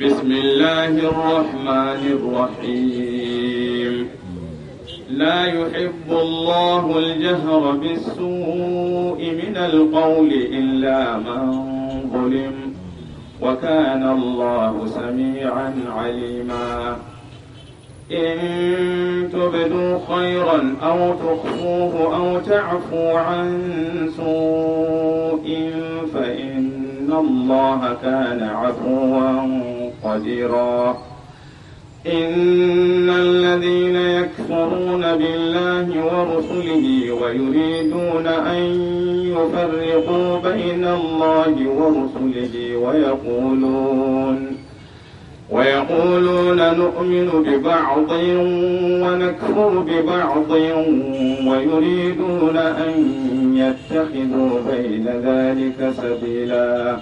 بسم الله الرحمن الرحيم لا يحب الله الجهر بالسوء من القول إلا من ظلم وكان الله سميعا عليما إن تبدوا خيرا أو تخفوه أو تعفو عن سوء فإن الله كان عفوا قديرا إن الذين يكفرون بالله ورسله ويريدون أن يفرقوا بين الله ورسله ويقولون ويقولون نؤمن ببعض ونكفر ببعض ويريدون أن يتخذوا بين ذلك سبيلاً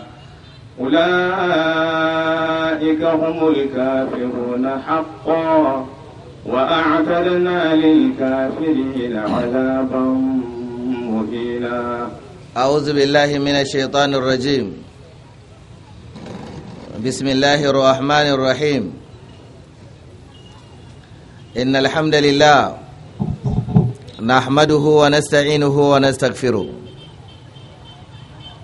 أولئك هم الكافرون حقا وأعتدنا للكافرين عذابا مهينا أعوذ بالله من الشيطان الرجيم بسم الله الرحمن الرحيم إن الحمد لله نحمده ونستعينه ونستغفره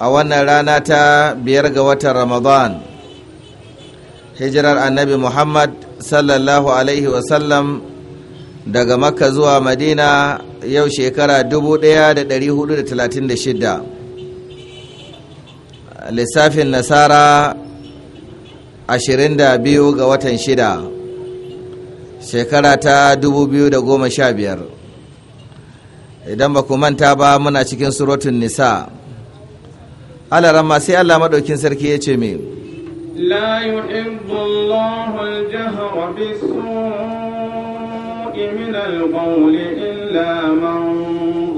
a wannan rana ta biyar ga watan ramadan hijirar annabi muhammad sallallahu alaihi wasallam daga makka zuwa madina yau shekara 1436 lissafin nasara 22 ga watan shida shekara ta 2015 idan ba ku manta ba muna cikin suratun nisa' alarama sai Allah madaukin sarki ya ce me la yuhibbu Allahu al-jahra bis-su'i min al-qawli illa man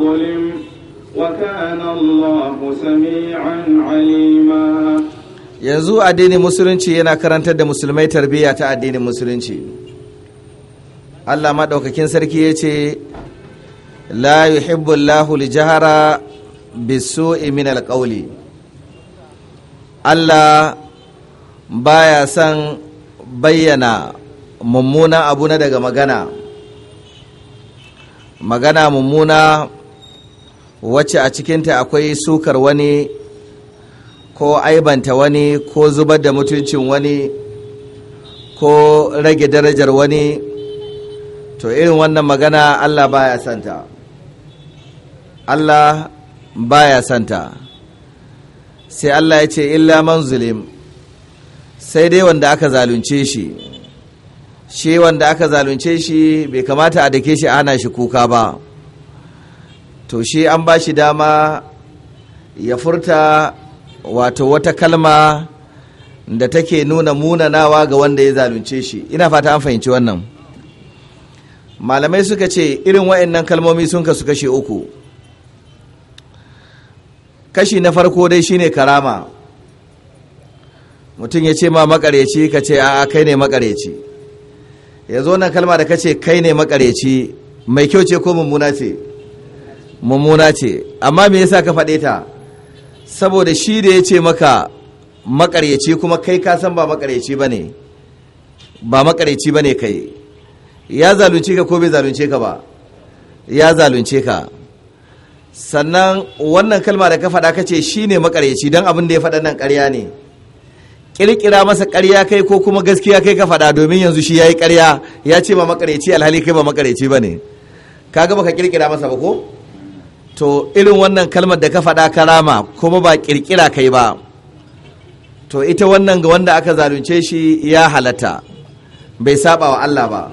zulim wa kana Allahu sami'an alima yanzu addinin musulunci yana karantar da musulmai tarbiyya ta addinin musulunci Allah madaukakin sarki ya ce la yuhibbu Allahu al-jahra bis-su'i min al-qawli allah baya son bayyana mummuna abu na daga magana magana mummuna wacce a cikinta akwai sukar wani ko aibanta wani ko zubar da mutuncin wani ko rage darajar wani to irin wannan magana allah baya santa allah baya santa sai Allah ya ce illa man zulim sai dai wanda aka zalunce shi shi wanda aka zalunce shi bai kamata a dake shi a hana shi kuka ba to shi an ba shi dama ya furta wato wata kalma da take nuna munanawa ga wanda ya zalunce shi ina fata an fahimci wannan malamai suka ce irin waɗannan kalmomi sun kasu kashe uku kashi na farko dai shine karama mutum ya ce ma makareci ka ce a kai ne makareci ya zo nan kalma da ka ce kai ne makareci mai kyau ce ko mummuna ce mummuna ce amma me yasa ka faɗe ta saboda shi da ya ce maka makareci kuma kai ka san ba makareci ba ne ba makareci ba ne kai ya zalunce ka ko bai zalunce ka ba ya zalunce ka sannan wannan kalma da ka faɗa ka ce shi ne makaryaci don abin da ya faɗa nan ƙarya ne ƙirƙira masa ƙarya kai ko kuma gaskiya kai ka faɗa domin yanzu shi ya yi ƙarya ya ce ma makaryaci alhali kai ba makaryaci ba ne ka gaba ka ƙirƙira masa ba ko to irin wannan kalmar da ka faɗa karama kuma ba ƙirƙira kai ba to ita wannan ga wanda aka zalunce shi ya halatta bai saba wa Allah ba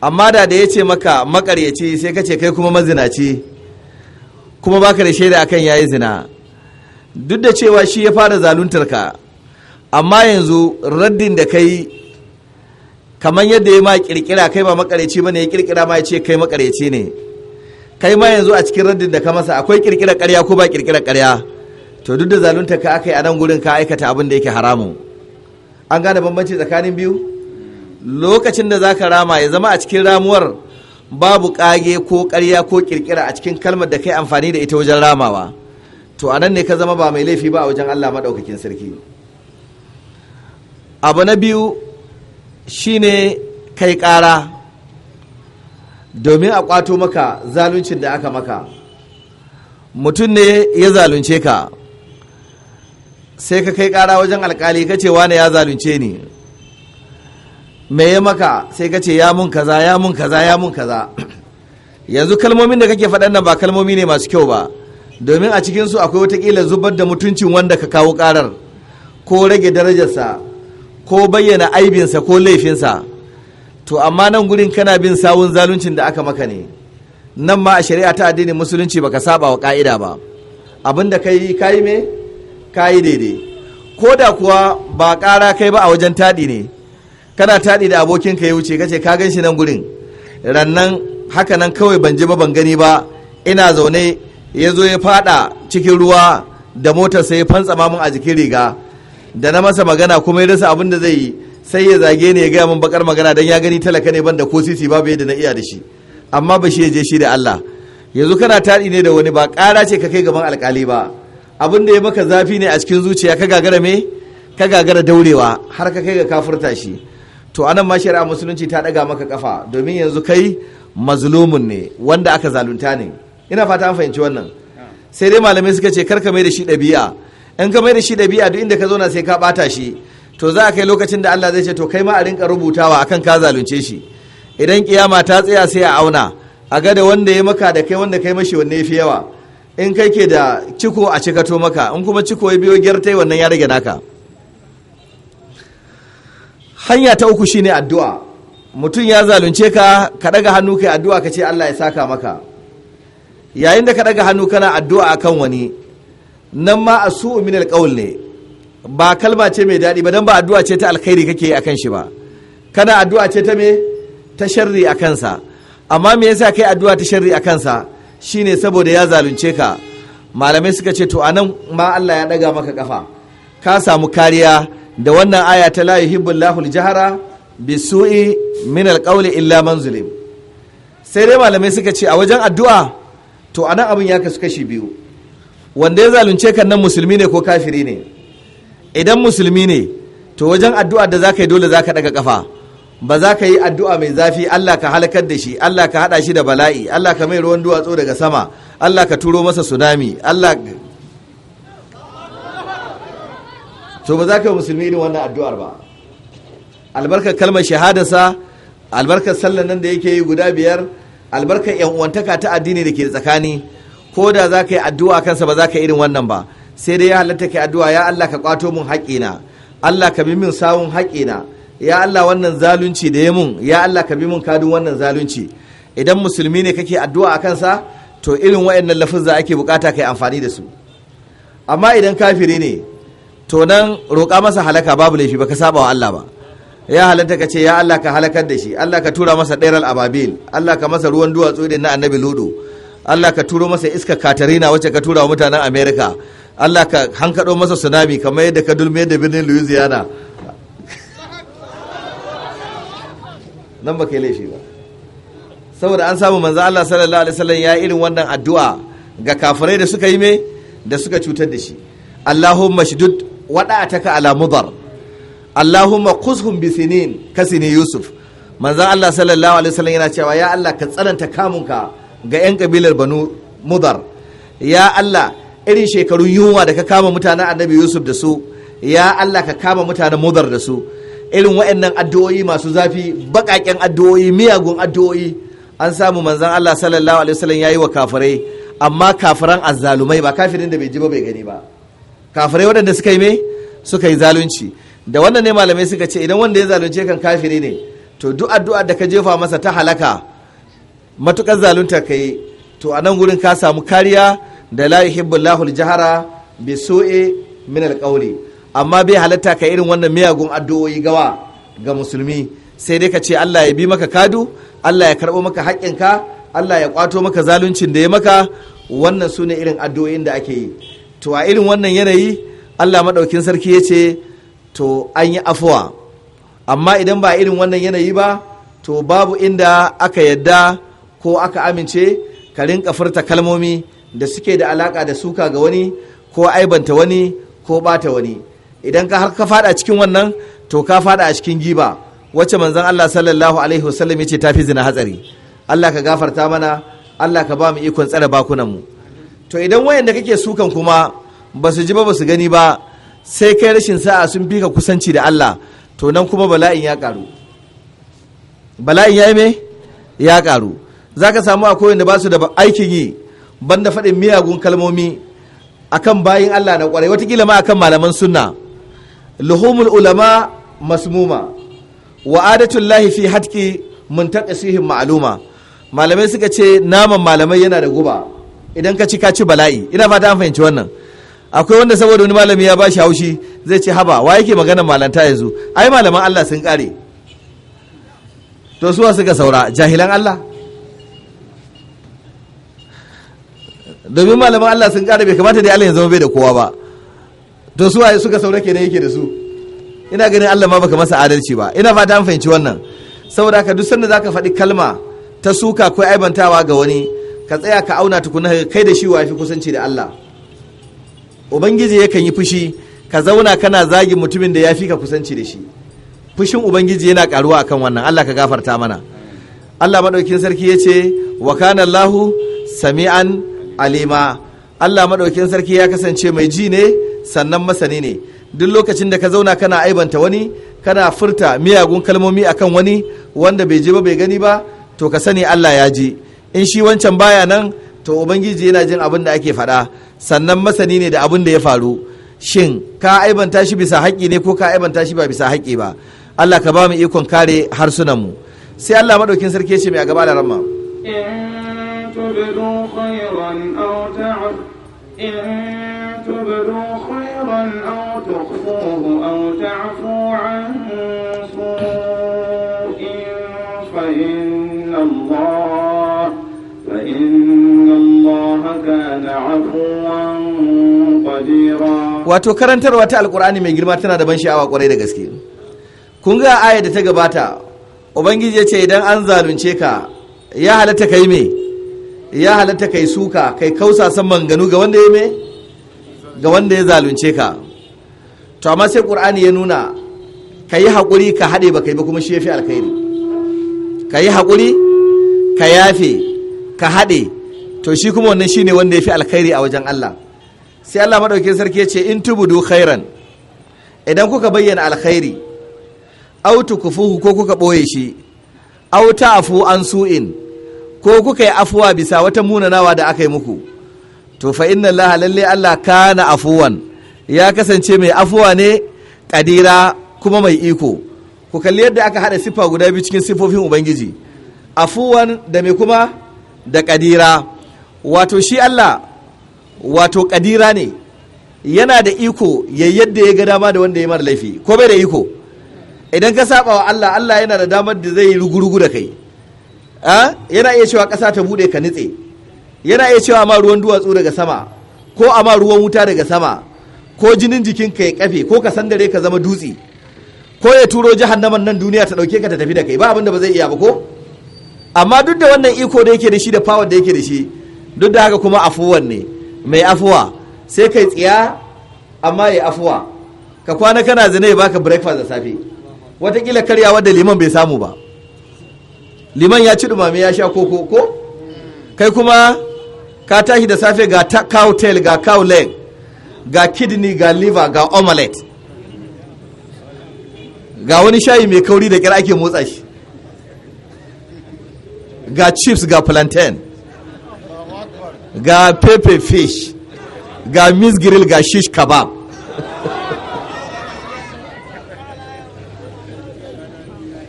amma da da ya ce maka makaryaci sai ka ce kai kuma mazinaci kuma baka da shaida akan yayi zina duk da cewa shi ya fara zaluntar ka amma yanzu raddin da kai kamar yadda ya ma kirkira kai ba makareci bane ya kirkira ma ya ce kai makareci ne kai ma yanzu a cikin raddin da ka masa akwai kirkira ƙarya ko ba kirkira ƙarya? to duk da zaluntar ka aka yi a nan gurin ka aikata abin da yake haramu? an gane bambanci tsakanin biyu lokacin da zaka rama ya zama a cikin ramuwar babu kage ko ƙarya ko kirkira a cikin kalmar da kai amfani da ita wajen ramawa to a nan ne ka zama ba mai laifi ba a wajen Allah maɗaukakin sarki abu na biyu shine kai ƙara domin a ƙwato maka zaluncin da aka maka mutum ne ya zalunce ka sai ka kai ƙara wajen alƙali ka ce wane ya zalunce ni me ya maka sai ka ce ya mun kaza ya mun kaza ya mun kaza yanzu kalmomin da kake faɗan nan ba kalmomi ne masu kyau ba domin a cikin su akwai watakila zubar da mutuncin wanda ka kawo karar ko rage darajarsa ko bayyana aibinsa ko laifinsa to amma nan gurin kana bin sawun zaluncin da aka maka ne nan ma a shari'a ta addinin musulunci baka saba wa ka'ida ba abin da kai kayi me kai daidai ko da kuwa ba kara kai ba a wajen taɗi ne kana taɗi da abokinka ya wuce kace ka gan shi nan gurin rannan haka nan kawai ban ji ba ban gani ba ina zaune ya zo ya faɗa cikin ruwa da motar sai ya fantsama min a jikin riga da na masa magana kuma ya rasa abin da zai yi sai ya zage ni ya gaya min bakar magana don ya gani talaka ne ban da ko sisi babu yadda na iya da shi amma ba shi ya je shi da Allah yanzu kana taɗi ne da wani ba ƙara ce ka kai gaban alƙali ba abin da ya maka zafi ne a cikin zuciya ka gagara me ka gagara daurewa har ka kai ga kafurta shi to anan ma shari'a musulunci ta daga maka kafa domin yanzu kai mazlumun ne wanda aka zalunta ne ina fata an fahimci wannan sai dai malamai suka ce karka mai da shi ɗabi'a in ka mai da shi ɗabi'a duk inda ka zauna sai ka bata shi to za a kai lokacin da Allah zai ce to kai ma a rinka rubutawa akan ka zalunce shi idan kiyama ta tsaya sai a auna a ga da wanda ya maka da kai wanda kai mashi wanne ya fi yawa in kai ke da ciko a cikato maka in kuma ciko ya biyo gyartai wannan ya rage naka hanya ta uku shine addu'a mutum ya zalunce ka ka daga hannu kai addu'a ka ce Allah ya saka maka yayin da ka daga hannu kana addu'a akan wani nan ma asu min alqaul ne ba kalma ce mai daɗi ba dan ba addu'a ce ta alkhairi kake yi akan shi ba kana addu'a ce ta me ta sharri a kansa amma me yasa kai addu'a ta sharri a kansa shine saboda ya zalunce ka malamai suka ce to anan ma Allah ya daga maka kafa ka samu kariya da wannan aya ta la yuhibbullahu al-jahra bisu'i min al illa man zulim sai dai malamai suka ce a wajen addu'a to anan abin ya kasu kashi biyu wanda ya zalunce kan nan musulmi ne ko kafiri ne idan musulmi ne to wajen addu'a da zaka yi dole ka ɗaga kafa ba za ka yi addu'a mai zafi Allah ka halakar da shi Allah ka haɗa shi da bala'i Allah ka mai ruwan duwatsu daga sama Allah ka turo masa tsunami Allah to ba za ka yi musulmi irin wannan addu'ar ba albarkar kalmar shahadarsa albarkar sallar nan da yake yi guda biyar albarkar yan uwantaka ta addini da ke tsakani ko da za ka yi addu'a kansa ba za ka irin wannan ba sai dai ya halatta ka addu'a ya Allah ka kwato min na. Allah ka bi min sawun na. ya Allah wannan zalunci da ya mun ya Allah ka bi min kadun wannan zalunci idan musulmi ne kake addu'a a kansa to irin waɗannan lafuzza ake bukata yi amfani da su amma idan kafiri ne to nan roƙa masa halaka babu laifi ba ka saba wa Allah ba ya halatta ka ce ya Allah ka halakar da shi Allah ka tura masa ɗairar ababil Allah ka masa ruwan duwatsu irin na annabi ludo Allah ka turo masa iska katarina wacce ka tura wa mutanen Amerika Allah ka hankado masa tsunami kamar yadda ka dulmiyar da birnin Louisiana nan ba kai laifi ba saboda an samu manzo Allah sallallahu alaihi wasallam ya irin wannan addu'a ga kafirai da suka yi me da suka cutar da shi Allahumma shidud taka ala mudar Allahumma quzhum bi sinin kasini Yusuf manzon Allah sallallahu alaihi wasallam yana cewa ya Allah ka tsananta kamunka ga yan kabilar Banu Mudar ya Allah irin shekarun yunwa da ka kama mutanen Annabi Yusuf da su ya Allah ka kama mutanen Mudar da su irin waɗannan addu'o'i masu zafi baƙaƙen addu'o'i miyagun addu'o'i an samu manzon Allah sallallahu alaihi wasallam yayi wa kafirai amma kafiran azzalumai ba kafirin da bai ji ba bai gani ba kafirai waɗanda suka yi mai suka yi zalunci da wannan ne malamai suka ce idan wanda ya zalunce kan kafiri ne to duk addu'a da ka jefa masa ta halaka matukar zalunta ka yi to a nan gurin ka samu kariya da la yuhibbu al-jahara bi su'i min al amma bai halatta ka irin wannan miyagun addu'o'i gawa ga musulmi sai dai ka ce Allah ya bi maka kadu Allah ya karbo maka haƙƙinka Allah ya kwato maka zaluncin da ya maka wannan sune irin addu'o'in da ake yi to a irin wannan yanayi allah maɗaukin sarki ya ce to an yi afuwa amma idan ba irin wannan yanayi ba to babu inda aka yadda ko aka amince ka rinka furta kalmomi da suke da alaka da suka ga wani ko aibanta wani ko bata wani idan ka har ka fada cikin wannan to ka fada a cikin giba wacce manzon Allah sallallahu alaihi wasallam ta tafi zina hatsari Allah ka gafarta mana Allah ka ba mu ikon tsare bakunan mu to idan wayanda kake sukan kuma ba su ji ba ba su gani ba sai kai rashin sa'a sun fi ka kusanci da Allah to nan kuma bala'in ya karu bala'in ya yi me ya karu za ka samu akwai wanda ba su da aikin yi banda faɗin miyagun kalmomi akan bayin Allah na kwarai watakila ma akan malaman sunna luhumul ulama masmuma wa adatullahi fi hatki muntaqisihim ma'luma malamai suka ce naman malamai yana da guba idan ka ci ka ci bala'i ina fata an fahimci wannan akwai wanda saboda wani malami ya bashi haushi zai ce haba wa yake magana malanta yanzu ai malaman Allah sun kare to suwa suka saura jahilan Allah domin malaman Allah sun kare bai kamata dai Allah ya zama bai da kowa ba to suwa suka saura kenan yake da su ina ganin Allah ma baka masa adalci ba ina fata an fahimci wannan saboda ka duk sanda zaka faɗi kalma ta suka ko aibantawa ga wani ka tsaya ka auna tukuna kai da shi wa fi kusanci da Allah ubangiji yakan yi fushi ka zauna kana zagin mutumin da ya fi ka kusanci da shi fushin ubangiji yana karuwa akan wannan Allah ka gafarta mana Allah madaukin sarki ya ce wa kana Allahu sami'an alima Allah madaukin sarki ya kasance mai ji ne sannan masani ne duk lokacin da ka zauna kana aibanta wani kana furta miyagun kalmomi akan wani wanda bai je ba bai gani ba to ka sani Allah ya ji in shi wancan baya nan to ubangiji yana jin abin da ake faɗa sannan masani ne da abin da ya faru shin ka aibanta shi bisa haƙƙi ne ko ka aibanta shi ba bisa haƙƙi ba Allah ka ba mu ikon kare harsunan mu sai Allah madaukin sarki ce mai a gaba da ramma wato karantarwa ta alkur'ani mai girma tana da ban sha'awa kwarai da gaske kun ga aya da ta gabata ubangiji ya ce idan an zalunce ka ya halatta kai me ya halatta kai suka kai kausa san manganu ga wanda ya me ga wanda ya zalunce ka to amma sai qur'ani ya nuna ka yi haƙuri ka haɗe ba kai ba kuma shi ya alkhairi ka yi ka yafe ka haɗe to shi kuma wannan shine wanda ya fi alkhairi a wajen Allah sai Allah maɗaukin sarki ya ce in tubudu khairan idan kuka bayyana alkhairi aw tukufuhu ko kuka ɓoye shi aw ta'fu an su'in ko kuka yi afuwa bisa wata munanawa da aka yi muku to fa inna Allah lalle Allah kana afuwan ya kasance mai afuwa ne kadira kuma mai iko ku kalli yadda aka hada sifa guda biyu cikin sifofin ubangiji afuwan da mai kuma da kadira wato shi Allah wato kadira ne yana da iko ya yadda ya ga dama da wanda ya mara laifi ko bai da iko idan ka saba wa Allah Allah yana da damar da zai rugurugu da kai yana iya cewa ƙasa ta bude ka nitse yana iya cewa ma ruwan duwatsu daga sama ko a ruwan wuta daga sama ko jinin jikin ka ya kafe ko ka sandare ka zama dutse ko ya turo jahannaman nan duniya ta dauke ka ta tafi da kai ba abin ba zai iya ba ko amma duk da wannan iko da yake da shi da power da yake da shi duk da haka kuma afuwan ne mai afuwa sai kai tsiya amma ya afuwa ka kwana kana zina ya baka breakfast da safe watakila karya wadda liman bai samu ba liman ya ci dumame ya sha koko ko kai kuma ka tashi da safe ga cow tail ga cow leg ga kidney ga liver ga omelette ga wani shayi mai kauri da kira ake motsa shi ga chips ga plantain ga pepe fish ga miss grill ga shish kebab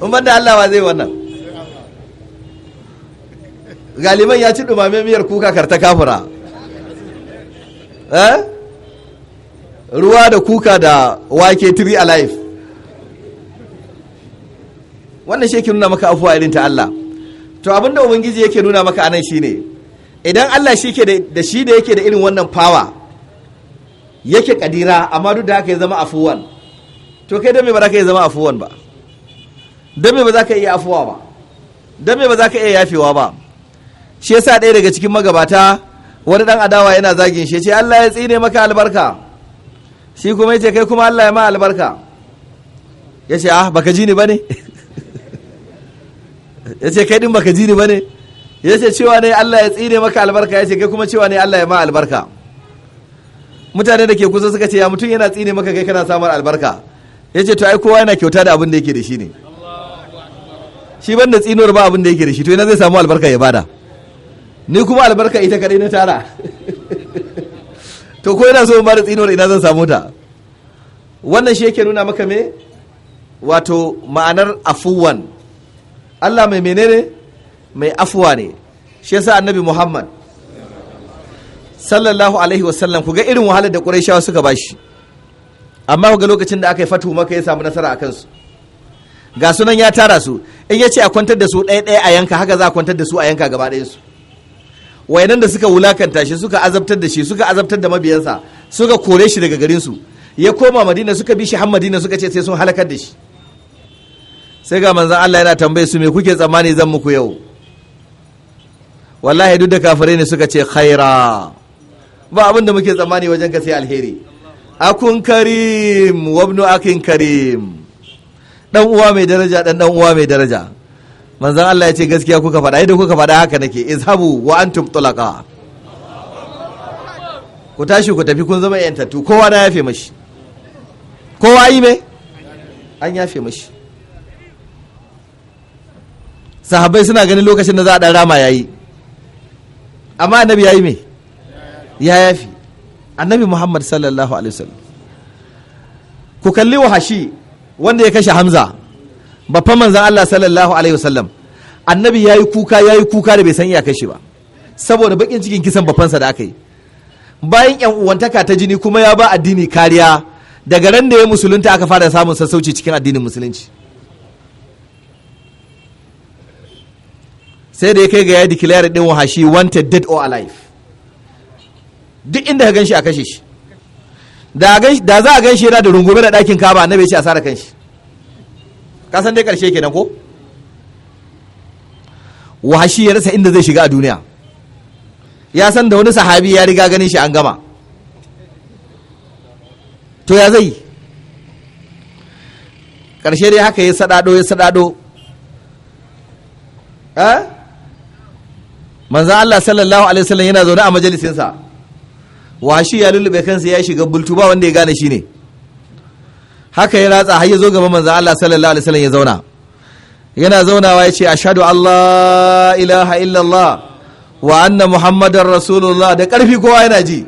umar da Allah wa zai wannan galiman ya ci dumame miyar kuka karta kafura eh? ruwa da kuka da wake tree alive wannan shekin nuna maka afuwa irin ta Allah to abinda ubangiji yake nuna maka anan shine idan Allah shi ke da shi da yake da irin wannan fawa yake kadira amma duk da haka ya zama afuwan to kai me ba za ka iya zama afuwan ba Dan me ba za ka iya afuwa ba Dan me ba za ka iya yafewa ba shi yasa ɗaya daga cikin magabata wani dan adawa yana zagin shi Ya ce Allah ya tsine maka albarka shi kuma yace kai kuma Allah ya ma albarka yace ah baka ji ni bane yace kai din baka ji ni bane ya ce cewa ne Allah ya tsine maka albarka ya ce kai kuma cewa ne Allah ya ma albarka mutane da ke kusa suka ce ya mutum yana tsine maka kai kana samun albarka ya ce to ai kowa yana kyauta da abin da yake da shi ne shi ban da tsinuwar ba abin da yake da shi to yana zai samu albarka ya bada ni kuma albarka ita kadai na tara to ko yana so in bada tsinuwar ina zan samu ta wannan shi yake nuna maka me wato ma'anar afuwan Allah mai menene mai afuwa ne shi yasa annabi muhammad sallallahu alaihi wasallam ku ga irin wahalar da ƙurayshawa suka ba shi amma ku ga lokacin da aka yi fatu maka ya samu nasara a kansu ga sunan ya tara su in ya ce a kwantar da su ɗaya ɗaya a yanka haka za a kwantar da su a yanka gaba ɗayansu wayanan da suka wulakanta shi suka azabtar da shi suka azabtar da mabiyansa suka kore shi daga garinsu ya koma madina suka bi shi har madina suka ce sai sun halakar da shi sai ga manzan Allah yana tambaye su me kuke tsammani zan muku yau wallahi duk da kafirai ne suka ce khaira ba abin da muke tsammani wajen ka sai alheri akun karim wabnu akin karim dan uwa mai daraja dan dan uwa mai daraja manzon Allah ya ce gaskiya kuka faɗa idan kuka faɗa haka nake izhabu wa antum tulaqa ku tashi ku tafi kun zama yantattu kowa na yafe mashi kowa yi mai an yafe mashi sahabbai suna ganin lokacin da za a ɗan rama yayi amma annabi ya yi mai ya yafi annabi muhammad sallallahu alaihi wasallam ku kalli wa wahashi wanda ya kashe hamza babban manzan allah sallallahu alaihi wasallam annabi ya yi kuka ya yi kuka da bai san ya kashe ba saboda bakin cikin kisan babbansa da aka yi bayan yan uwantaka ta jini kuma ya ba addini kariya daga ran da ya musulunta aka fara samun sassauci cikin addinin musulunci sai da ya kai ga ya declare din wahashi wanted dead or alive duk inda ka gan shi a kashe shi da za a gan shi yana da rungume da ɗakin kaba na ya ce a sare kan shi ka san dai ƙarshe kenan ko wahashi ya rasa inda zai shiga a duniya ya san da wani sahabi ya riga ganin shi an gama to ya zai ƙarshe dai haka ya saɗaɗo ya saɗaɗo eh? manzan Allah sallallahu alaihi wasallam yana zaune a majalisinsa shi ya lullube kansa ya shiga bultu ba wanda ya gane shi ne haka ya ratsa har ya zo gaban manzan Allah sallallahu alaihi wasallam ya zauna yana zaunawa ya ce ashhadu Allah ilaha illallah wa anna muhammadar rasulullah da karfi kowa yana ji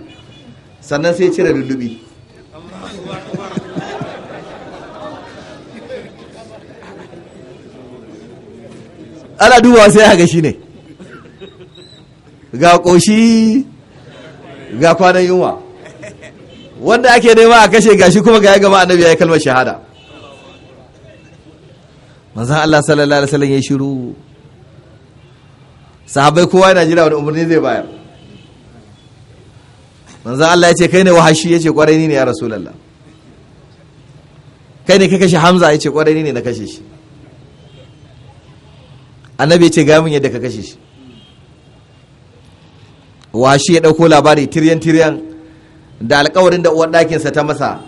sannan sai ya cire lullubi ana dubawa sai ya ga shi ne ga ƙoshi ga kwanan yunwa wanda ake nema a kashe gashi kuma ga ya gama annabi ya yi kalmar shahada manzan Allah sallallahu alaihi wasallam ya shiru sahabbai kowa yana jira wani umarni zai bayar manzan Allah ya ce kai ne wahashi ya ce kwarai ni ne ya rasulallah kai ne ka kashe hamza ya ce kwarai ni ne na kashe shi annabi ya ce gamin yadda ka kashe shi shi ya ɗauko labari tiryan tiryan da alkawarin da uwar ɗakinsa ta masa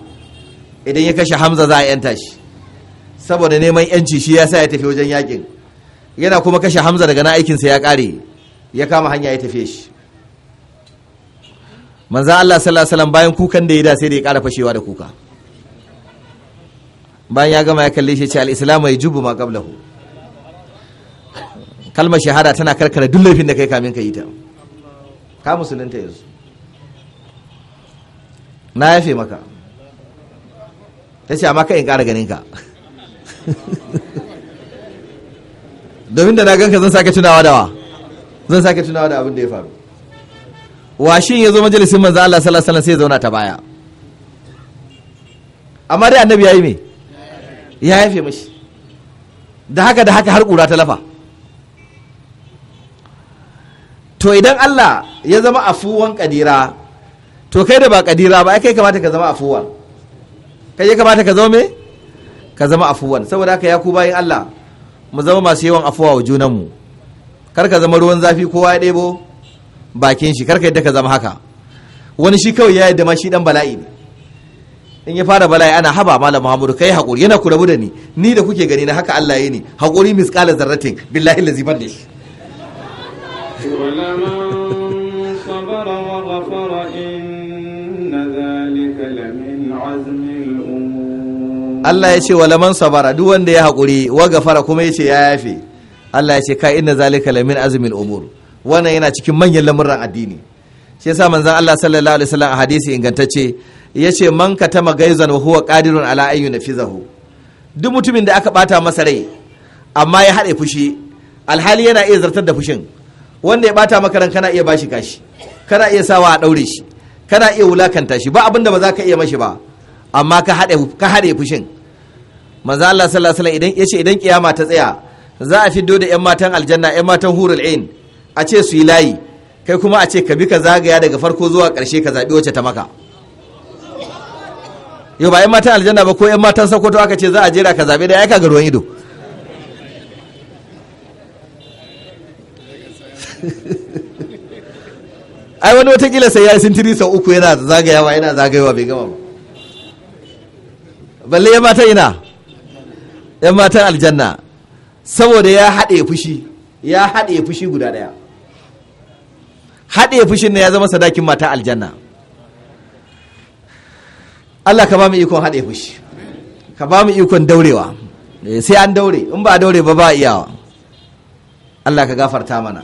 idan ya kashe hamza za a yanta shi saboda neman yanci shi ya sa ya tafi wajen yakin yana kuma kashe hamza daga na aikinsa ya ƙare ya kama hanya ya tafi shi manza Allah sallallahu alaihi wasallam bayan kukan da ya da sai da ya ƙara fashewa da kuka bayan ya gama ya kalle shi ce al ya jubu ma qablahu kalmar shahada tana karkara duk laifin da kai kamin ka yi ta ka musulunta yanzu na yafe maka ta ce amma in ƙara ganin ka domin da na ganka zan sake tunawa da wa zan sake tunawa da abin da ya faru shi ya zo majalisin manzo Allah sallallahu alaihi sai ya zauna ta baya amma dai annabi yayi me ya yafe mashi da haka da haka har kura ta lafa to idan Allah ya zama afuwan kadira to kai da ba kadira ba ai kai kamata ka zama afuwan kai ya kamata ka zama me ka zama afuwan saboda haka ya ku bayin Allah mu zama masu yawan afuwa wa mu kar ka zama ruwan zafi kowa ya ɗebo bakin shi kar ka yadda ka zama haka wani shi kawai ya yadda ma shi dan bala'i ne in ya fara bala'i ana haba malam muhammadu kai haƙuri yana ku rabu da ni ni da kuke gani na haka Allah ya ni haƙuri misqala zarratin billahi lazi da shi ولمن صبر وغفر إن ذلك لمن عزم الأمور الله يشي ولمن صبر دوان دي هقولي وغفر كما يشي يا يافي الله يشي كا إن ذلك لمن عزم umur. Wannan yana cikin manyan lamuran addini. shi yasa manzon Allah sallallahu alaihi wasallam a hadisi ingantacce yace man katama gaizan wa huwa qadirun ala an yunfizahu duk mutumin da aka bata masa rai amma ya haɗe fushi alhali yana iya zartar da fushin wanda ya bata maka ran kana iya bashi kashi kana iya sawa a daure shi kana iya wulakanta shi ba abinda ba za ka iya mashi ba amma ka haɗe ka haɗe fushin manzo Allah sallallahu alaihi wasallam idan yace idan kiyama ta tsaya za a fiddo da yan matan aljanna yan matan hurul ain a ce su yi layi kai kuma a ce ka bi ka zagaya daga farko zuwa ƙarshe ka zaɓi wacce ta maka yau ba yan matan aljanna ba ko yan matan sokoto aka ce za a jera ka zabe da ya ka garuwan ido ai wani watakila sai ya yi sintiri sau uku yana zagayawa yana zagayawa bai gama ba balle ya mata ina ya matan aljanna saboda ya haɗe fushi ya haɗe fushi guda ɗaya haɗe fushin na ya zama sadakin mata aljanna Allah ka ba mu ikon haɗe fushi ka ba mu ikon daurewa eh, sai an daure in ba daure ba ba iyawa Allah ka gafarta mana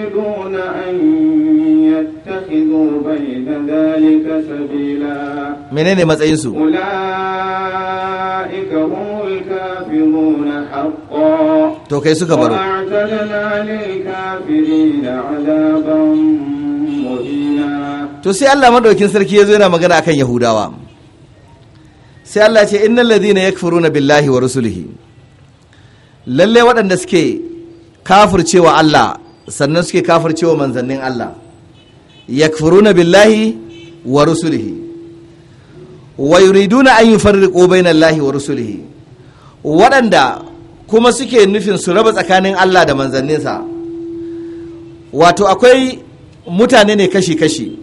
mene بين ذلك سبيلا منين متسينسو to sai Allah madaukin sarki ya zo yana magana akan Yahudawa sai Allah ce innal ladina yakfuruna billahi wa rusulihi lalle waɗanda suke kafircewa Allah sannan suke kafircewa manzannin Allah yakfuruna billahi wa rusulihi wa yuriduna an yufarriqu bainal lahi wa rusulihi waɗanda kuma suke nufin su raba tsakanin Allah da manzanninsa wato akwai mutane ne kashi-kashi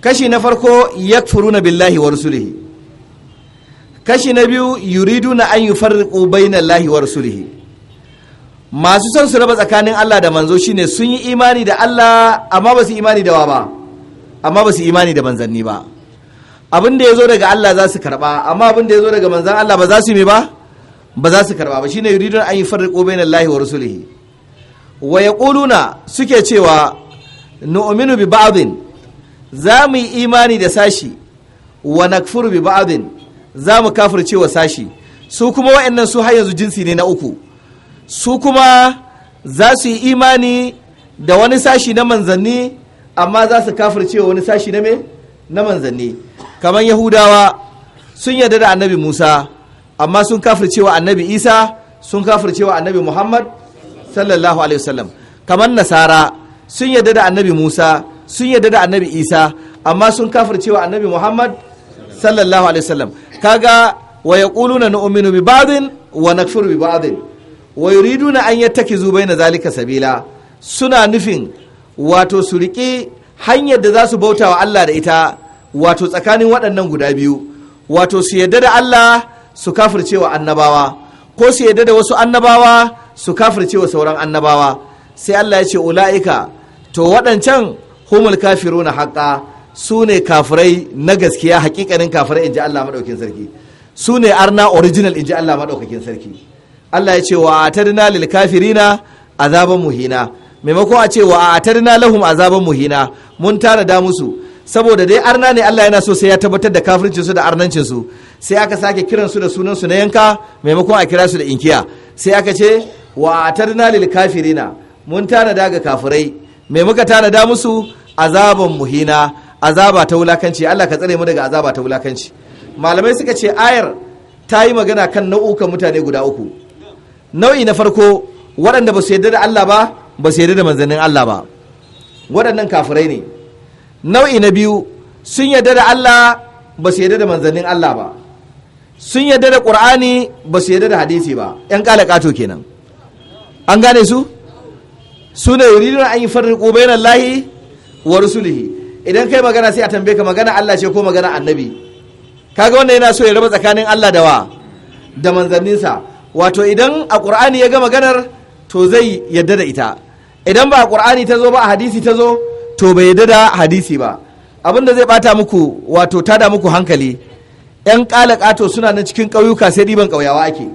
kashi na farko yakfuruna billahi wa rusulihi kashi na biyu yuriduna an yufarriqu bainal lahi wa rusulihi masu son su raba tsakanin Allah da manzo shine sun yi imani da Allah amma ba su imani da wa ba amma ba su imani da manzanni ba abin da ya zo daga Allah za su karba amma abin da ya zo daga manzan Allah ba za su yi ba ba za su karba ba shine yuridun an yi farriqu bainal lahi wa rasulihi wa yaquluna suke cewa nu'minu bi ba'din za mu yi imani da sashi wa nakfuru bi ba'din za mu kafirce wa sashi su kuma wa'annan su har yanzu jinsi ne na uku su kuma za su yi imani da wani sashi na manzanni amma za su kafircewa wani sashi na me na manzanni kamar yahudawa sun yarda da annabi musa amma sun kafircewa annabi isa sun kafircewa annabi muhammad sallallahu alaihi wasallam kamar nasara sun yarda da annabi musa sun yarda da annabi isa amma sun kafircewa annabi muhammad sallallahu alaihi wasallam kaga wa yaquluna nu'minu bi ba'din wa nakfuru bi ba'din wa yuriduna an yattakizu baina zalika sabila suna nufin wato su riƙe hanyar da za su bauta wa Allah da ita wato tsakanin waɗannan guda biyu wato su yadda da Allah su kafirce wa annabawa ko su yadda da wasu annabawa su kafirce wa sauran annabawa sai Allah ya ce ula'ika to waɗancan humul kafiru na haƙa su ne kafirai na gaskiya hakikanin kafirai in ji Allah maɗaukin sarki su ne arna original in ji Allah maɗaukakin sarki Allah ya ce wa atadna lil kafirina azaban muhina maimako a ce wa atadna lahum azaban muhina mun tanada musu saboda dai arna ne Allah yana so sai ya tabbatar da kafircin su da arnancin su sai aka sake kiran su da sunan su na yanka maimakon a kira su da inkiya sai aka ce wa atadna lil kafirina mun tanada ga kafirai mai muka tanada musu azaban muhina azaba ta wulakanci Allah ka tsare mu daga azaba ta wulakanci malamai suka ce ayar ta yi magana kan nau'ukan mutane guda uku nau'i na farko waɗanda ba su yarda da Allah ba ba su yarda da manzannin Allah ba waɗannan kafirai ne nau'i na biyu sun yarda da Allah ba su yarda da manzannin Allah ba sun yarda da ƙur'ani ba su yarda da hadisi ba yan ƙato kenan an gane su su ne yuridun an yi farriqu bainal lahi wa rusulihi idan kai magana sai a tambaye ka magana Allah ce ko magana annabi kaga wannan yana so ya raba tsakanin Allah da wa da manzanninsa wato idan a ƙur'ani ya ga maganar to zai yadda da ita idan ba a ƙur'ani ta zo ba a hadisi ta zo to bai yadda da hadisi ba abin da zai bata muku wato tada muku hankali yan ƙato suna nan cikin ƙauyuka sai ɗiban ƙauyawa ake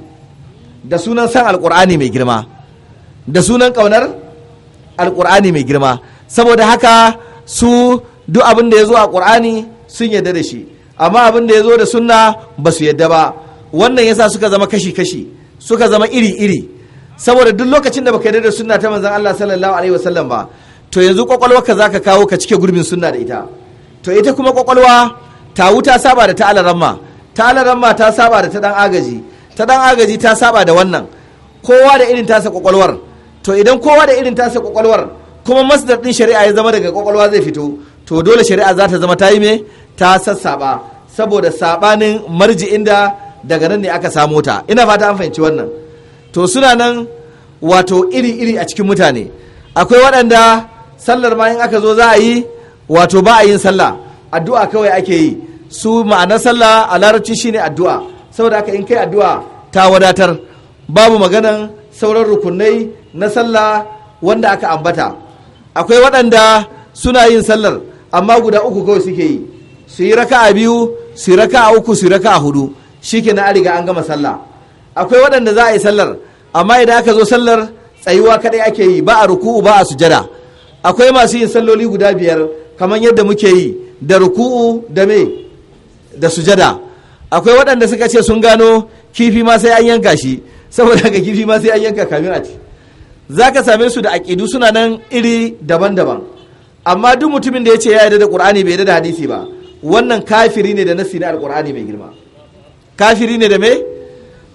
da sunan san alƙur'ani mai girma da sunan ƙaunar alƙur'ani mai girma saboda haka su duk abin da ya zo a ƙur'ani sun yadda da shi amma abin da ya zo da sunna ba su yadda ba wannan yasa suka zama kashi-kashi suka zama iri-iri saboda duk lokacin da baka yarda da sunna ta manzon Allah sallallahu alaihi wasallam ba to yanzu kwakwalwarka ka kawo ka cike gurbin sunna da ita to ita kuma kwakwalwa ta wuta saba da ta alaramma ta alaramma ta saba da ta dan agaji ta dan agaji ta saba da wannan kowa da irin tasa kwakwalwar to idan kowa da irin tasa kwakwalwar kuma masdar din shari'a ya zama daga kwakwalwa zai fito to dole shari'a za ta zama ta yi me ta sassaba saboda sabanin marji'in da daga nan ne aka samo ta ina fata an fahimci wannan to suna nan wato iri-iri a cikin mutane akwai waɗanda sallar ma in aka zo za a yi wato ba a yin sallah addu'a kawai ake yi su ma'anar sallah a larabci ne addu'a saboda haka in kai addu'a ta wadatar babu maganan sauran rukunai na sallah wanda aka ambata akwai waɗanda suna yin sallar amma guda uku kawai suke yi su yi raka'a biyu su yi raka'a uku su yi raka'a hudu shi na an riga an gama sallah akwai waɗanda za a yi sallar amma idan aka zo sallar tsayuwa kaɗai ake yi ba a ruku'u ba a sujada akwai masu yin salloli guda biyar kamar yadda muke yi da ruku'u da me da sujada akwai waɗanda suka ce sun gano kifi ma sai an yanka shi saboda haka kifi ma sai an yanka kamin a ci za ka same su da aƙidu suna nan iri daban-daban amma duk mutumin da ya ce ya yarda da ƙur'ani bai yarda da hadisi ba wannan kafiri ne da nasi na alƙur'ani mai girma kafiri ne da me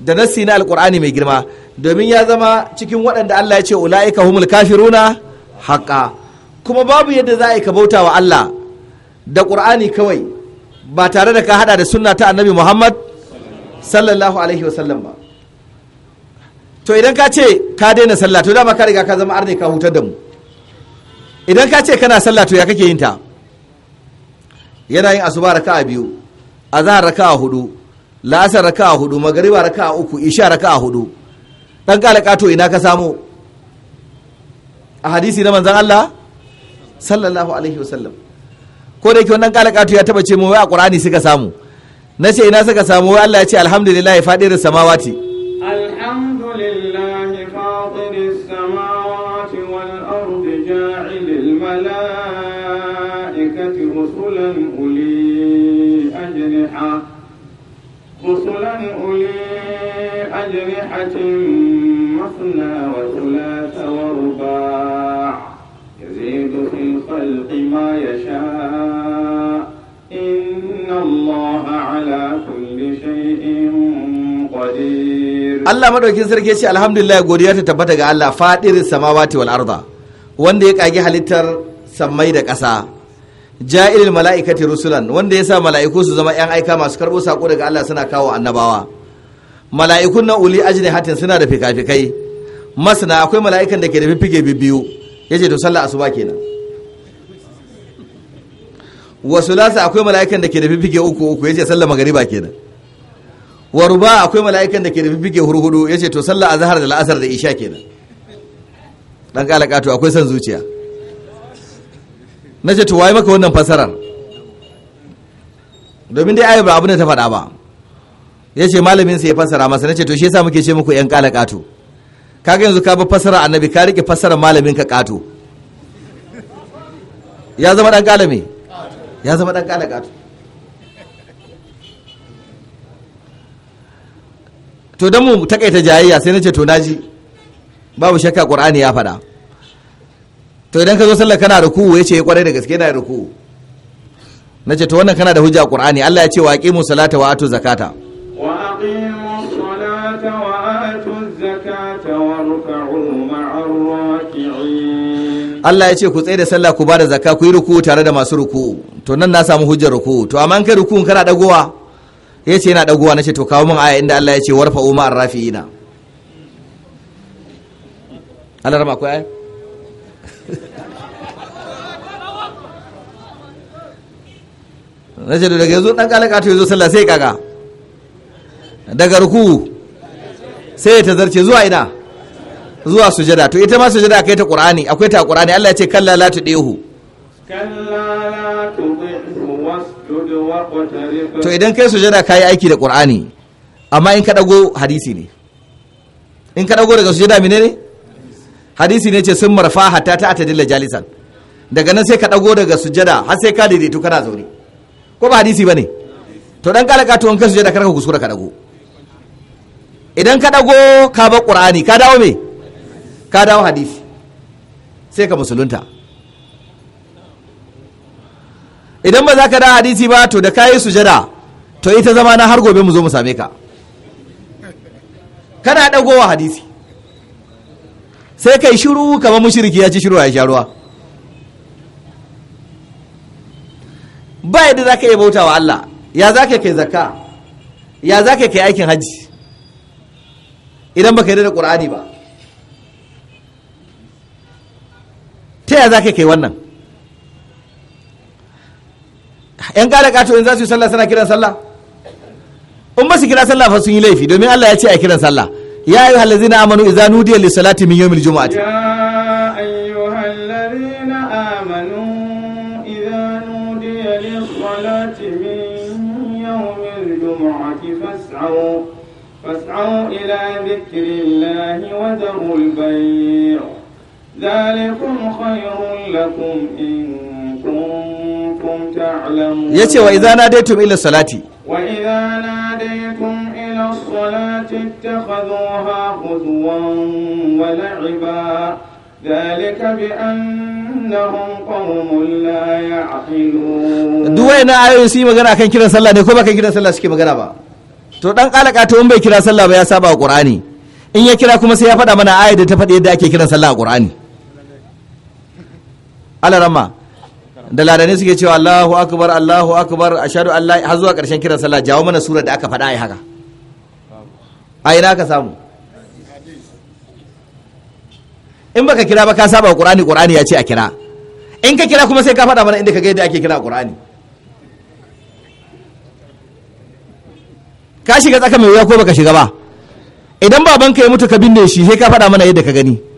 da nassi na alkur'ani mai girma domin ya zama cikin waɗanda Allah ya ce ula'ika humul kafiruna haƙa kuma babu yadda za a yi ka bauta wa Allah da ƙur'ani kawai ba tare da ka hada da sunna ta annabi Muhammad sallallahu alaihi wasallam ba to idan ka ce ka daina sallah to dama ka riga ka zama arne ka hutar da mu idan ka ce kana sallah to ya kake yin ta yana yin asuba raka'a biyu azhar raka'a hudu la'asar raka a hudu magariba raka a uku isha raka a hudu ɗan ƙalaƙato ina ka samu a hadisi na manzan Allah sallallahu alaihi wasallam ko da yake wannan ƙalaƙato ya taba ce mu wai a ƙur'ani suka samu na ce ina suka samu wai Allah ya ce alhamdulillah ya faɗi da samawati alhamdulillah أجنحة مثنى وثلاث ورباع يزيد في الخلق ما يشاء إن الله على كل شيء قدير الله madaukin sarki ya ce alhamdulillah godiya ta tabbata ga Allah fadirin samawati wal arda wanda ya kage halittar sammai da ƙasa ja'ilil mala'ikati rusulan wanda ya sa mala'iku su zama 'yan aika masu karɓo sako daga Allah suna kawo annabawa mala'ikun na uli ajini hatin suna da fikafikai masana akwai mala'ikan da ke da fifige biyu ya ce to sallah asuba kenan wasu lasa akwai mala'ikan da ke da fifige uku uku ya ce sallah magariba kenan wa ruba akwai mala'ikan da ke da fiffike hurhudu ya ce to sallah azhar da la'asar da isha kenan dan kalaka to akwai son zuciya na ce to waye maka wannan fasarar domin dai ayyuba abin da ta faɗa ba ya ce malamin sa ya fassara masa na ce to shi yasa muke ce muku yan kala kato kaga yanzu ka ba fassara annabi ka rike fassara malamin ka kato ya zama dan kala me ya zama dan kala kato to dan mu takaita jayayya sai na ce to naji babu shakka qur'ani ya faɗa to idan ka zo sallar kana yace ya eh ce da gaske yana ruku na ce to wannan kana da hujja qur'ani Allah ya ce wa aqimu salata wa atu zakata Allah ya ce ku tsaye da sallah ku bada zakka ku yi ruku tare da masu ruku to nan na samu hujjar ruku to amma kai ruku kana dagowa ya ce yana dagowa na ce to kawo min aya inda Allah ya ce warfa umma arrafiina Allah rama akwai aya na ce daga yanzu dan kalaka to yanzu sallah sai kaga daga ruku sai ya tazarce zuwa ina zuwa sujada to ita ma sujada akai ta qur'ani akwai ta qur'ani Allah ya ce kalla la tudihu kalla la tudihu wasjud waqtarib to idan kai sujada kai aiki da qur'ani amma in ka dago hadisi ne in ka dago daga sujada menene hadisi ne ce sun marfa hatta ta atadilla jalisan daga nan sai ka dago daga sujada har sai ka daidaito kana zaune ko ba hadisi bane to dan kalaka to in ka sujada karka kuskura ka dago idan ka dago ka ba qur'ani ka dawo me ka dawo hadisi sai ka musulunta idan ba za ka dawo hadisi ba to da kayi sujada to ita zama na har gobe mu zo mu same ka kana dagowa hadisi sai kai shiru kamar mushriki ya ci shiru ya sha ruwa ba yadda za ka iya bauta wa Allah ya za ka kai zakka ya za ka kai aikin hajji idan ba ka yarda da ƙur'ani ba ta yaya za ka kai wannan yan da kato in za su yi sallah suna kiran sallah in ba su kira sallah fa sun yi laifi domin Allah ya ce a kiran sallah ya ayyuhal ladzina amanu idza nudiya lis salati min yawmil jumu'ati ya ayyuhal ladina amanu idza nudiya lis salati min yawmil jumu'ati fas'au fas'au ila dhikrillahi wa dharul bay' ذلكم خير لكم إن كنتم تعلمون يتي وإذا ناديتم إلى الصلاة وإذا ناديتم إلى الصلاة اتخذوها su yi magana kan kiran sallah ne ko ba kan kiran sallah suke magana ba to dan kalaka to in bai kira sallah ba ya saba Qur'ani in ya kira kuma sai ya faɗa mana ayar da ta faɗi yadda ake kiran sallah a Qur'ani alarama da ladane suke cewa Allahu akbar Allahu akbar ashadu allah har zuwa karshen kiran sallah jawo mana surar da aka faɗa ai haka a ina ka samu in baka kira ba ka saba qur'ani qur'ani ya ce a kira in ka kira kuma sai ka faɗa mana inda ka ga yadda ake kira qur'ani ka shiga tsaka mai wuya ko baka shiga ba idan babanka ya mutu ka binne shi sai ka faɗa mana yadda ka gani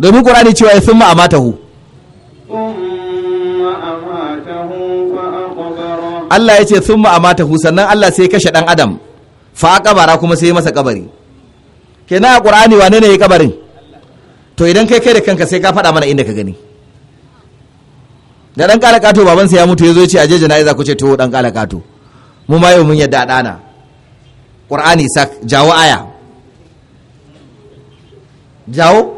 domin ƙur'ani cewa ya summa amatahu Allah ya ce summa amatahu sannan Allah sai kashe ɗan adam fa kabara kuma sai masa kabari kenan a ƙur'ani wane ne ya kabarin to idan kai kai da kanka sai ka faɗa mana inda ka gani da ɗan ƙala ƙato babansa ya mutu ya zo a ce aje jana'iza ku ce to ɗan ƙala ƙato mu ma yau mun yadda a ɗana ƙur'ani sak jawo aya jawo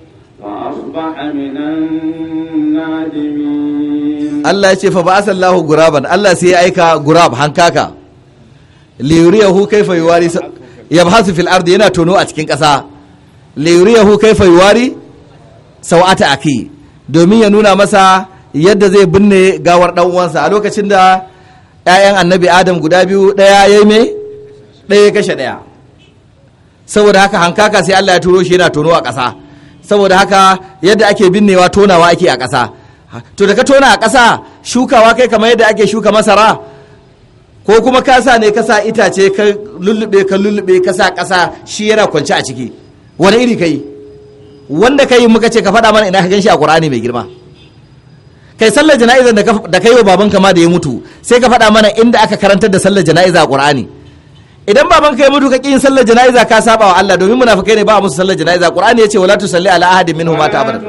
ce fa ba الله يشفى guraban الله sai ya aika غراب هنكاكا liyuriyahu kaifa yuwari yabhasu fil ardi yana tono a cikin ƙasa liyuriyahu kaifa yuwari sau'ata aki domin ya nuna masa yadda zai binne gawar dan uwansa a lokacin da ƴaƴan annabi adam guda biyu ɗaya ya me ɗaya kashe ɗaya saboda haka hankaka sai Allah ya turo shi yana tono a ƙasa saboda haka yadda ake binnewa tonawa ake a ƙasa to da ka tona a ƙasa shukawa kai kamar yadda ake shuka masara ko kuma ka sa ne ka sa itace ka lullube ka lullube ka sa ƙasa shi yana kwance a ciki wani iri kai wanda kai muka ce ka faɗa mana ina ka gan shi a ƙur'ani mai girma kai sallar jana'izar da kai wa babanka ma da ya mutu sai ka faɗa mana inda aka karantar da sallar jana'iza a ƙur'ani idan baban ka ya mutu ka yin sallar jana'iza ka saba wa Allah domin munafikai ne ba musu sallar jana'iza Qur'ani yace wala tusalli ala ahadin minhum mata qabri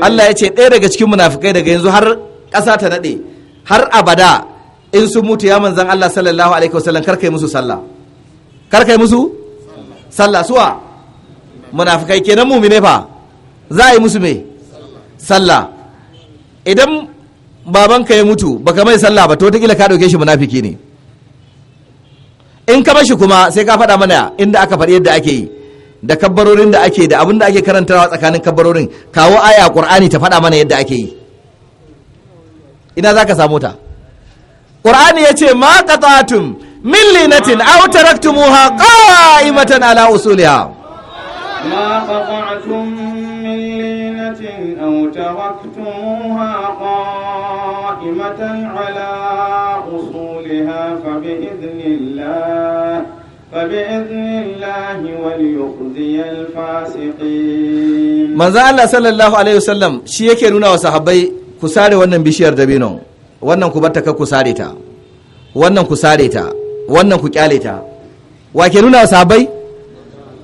Allah ya ce ɗaya daga cikin munafikai daga yanzu har ƙasa ta nade har abada in sun mutu ya manzan Allah sallallahu alaihi wasallam kar kai musu sallah kar kai musu sallah suwa munafikai kenan mumine fa za a yi musu me sallah idan babanka ya mutu baka mai sallah ba to wataƙila ka ɗauke shi munafiki ne in ka bashi kuma sai ka faɗa mana inda aka faɗi yadda ake yi da kabbarorin da ake da abin da ake karantawa tsakanin kabbarorin kawo aya ƙur'ani ta faɗa mana yadda ake yi ina za ka samu ta ƙur'ani ya ce ma qata'tum min linatin aw taraktumuha qa'imatan ala usuliha ma qata'tum تركتموها قائمة على أصولها فبإذن الله فبإذن الله وليخزي الفاسقين manzo Allah sallallahu alaihi wasallam shi yake nuna wa sahabbai ku sare wannan bishiyar dabino wannan ku barta ka ku sare ta wannan ku sare ta wannan ku kyale ta wa ke nuna wa sahabbai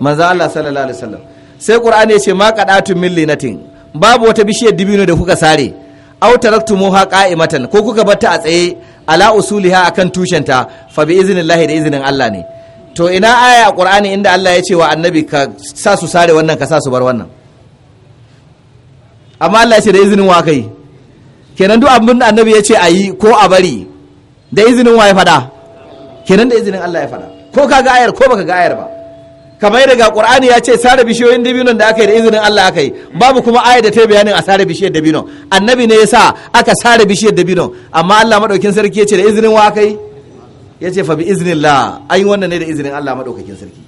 manzo Allah sallallahu alaihi wasallam sai qur'ani ya ce ma qadatu min linatin babu wata bishiyar dibino da kuka sare Au taraktu taraktumuha qa'imatan ko kuka ta a tsaye ala usuliha akan tushenta fa bi iznillahi da iznin Allah ne to ina aya a qur'ani inda Allah ya ce wa annabi ka sa su sare wannan ka sa su bar wannan amma Allah ya ce da iznin wa kai kenan duk abin da annabi ya ce a yi ko a bari da izinin wa ya fada kenan da izinin Allah ya fada ko ka ga ayar ko baka ga ayar ba kamar daga qur'ani ya ce sare bishiyoyin dabinon da aka yi da izinin Allah aka yi babu kuma aya da ta bayanin a sare bishiyar dabinon annabi ne yasa aka sare bishiyar dabinon amma Allah madaukakin sarki ya ce da izinin wa aka yi ya ce fa bi iznillah an yi wannan ne da izinin Allah madaukakin sarki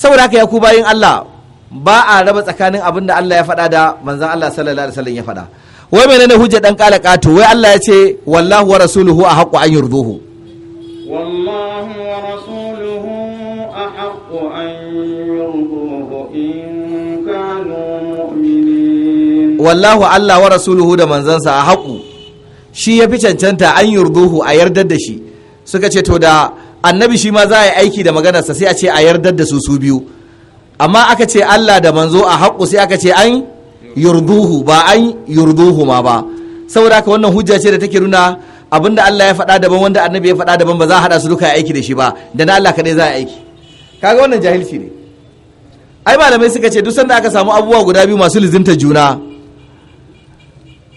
saboda haka ya ku bayin Allah ba a raba tsakanin abin da Allah ya faɗa da manzon Allah sallallahu alaihi wasallam ya faɗa wai menene hujja dan kala kato wai Allah ya ce wallahu wa rasuluhu a haqqu an yurduhu wallahu wallahu Allah wa rasuluhu da manzansa a haƙu shi ya fi cancanta an yurduhu a yardar da shi suka ce to da annabi shi ma za a yi aiki da maganarsa sai a ce a yardar da su su biyu amma aka ce Allah da manzo a haƙu sai aka ce an yurduhu ba an yurduhu ma ba saboda haka wannan hujja ce da take nuna abinda Allah ya faɗa daban wanda annabi ya faɗa daban ba za a haɗa su duka aiki da shi ba da na Allah kaɗai za a aiki kaga wannan jahilci ne ai malamai suka ce duk sanda aka samu abubuwa guda biyu masu lizinta juna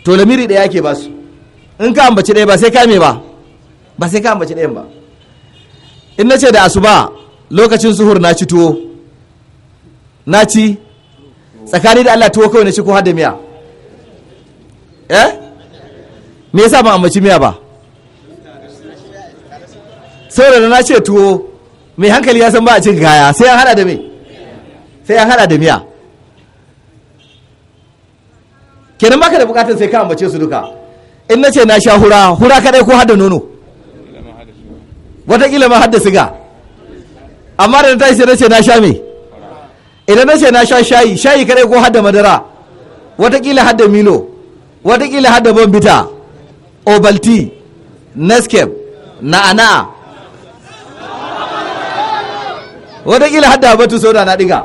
to lamiri ɗaya ke ba su in ka ambaci ɗaya ba sai ka me ba ba sai ka ambaci ɗayan ba in na ce da asuba lokacin suhur na ci tuwo na ci tsakani da allah tuwo kawai na ci ko hada miya eh me yasa ban ambaci miya ba saboda na ce tuwo mai hankali ya san ba a cin kaya sai an hada da me sai an hada da miya kenan baka da bukatar sai ka ambace su duka in na ce na sha hura hura kadai ko hada nono watakila ma hada siga amma da ta ce na ce na sha me idan na ce na sha shayi shayi kadai ko hada madara watakila hada milo watakila hada bombita obalti nescape na'ana watakila hada batu soda na diga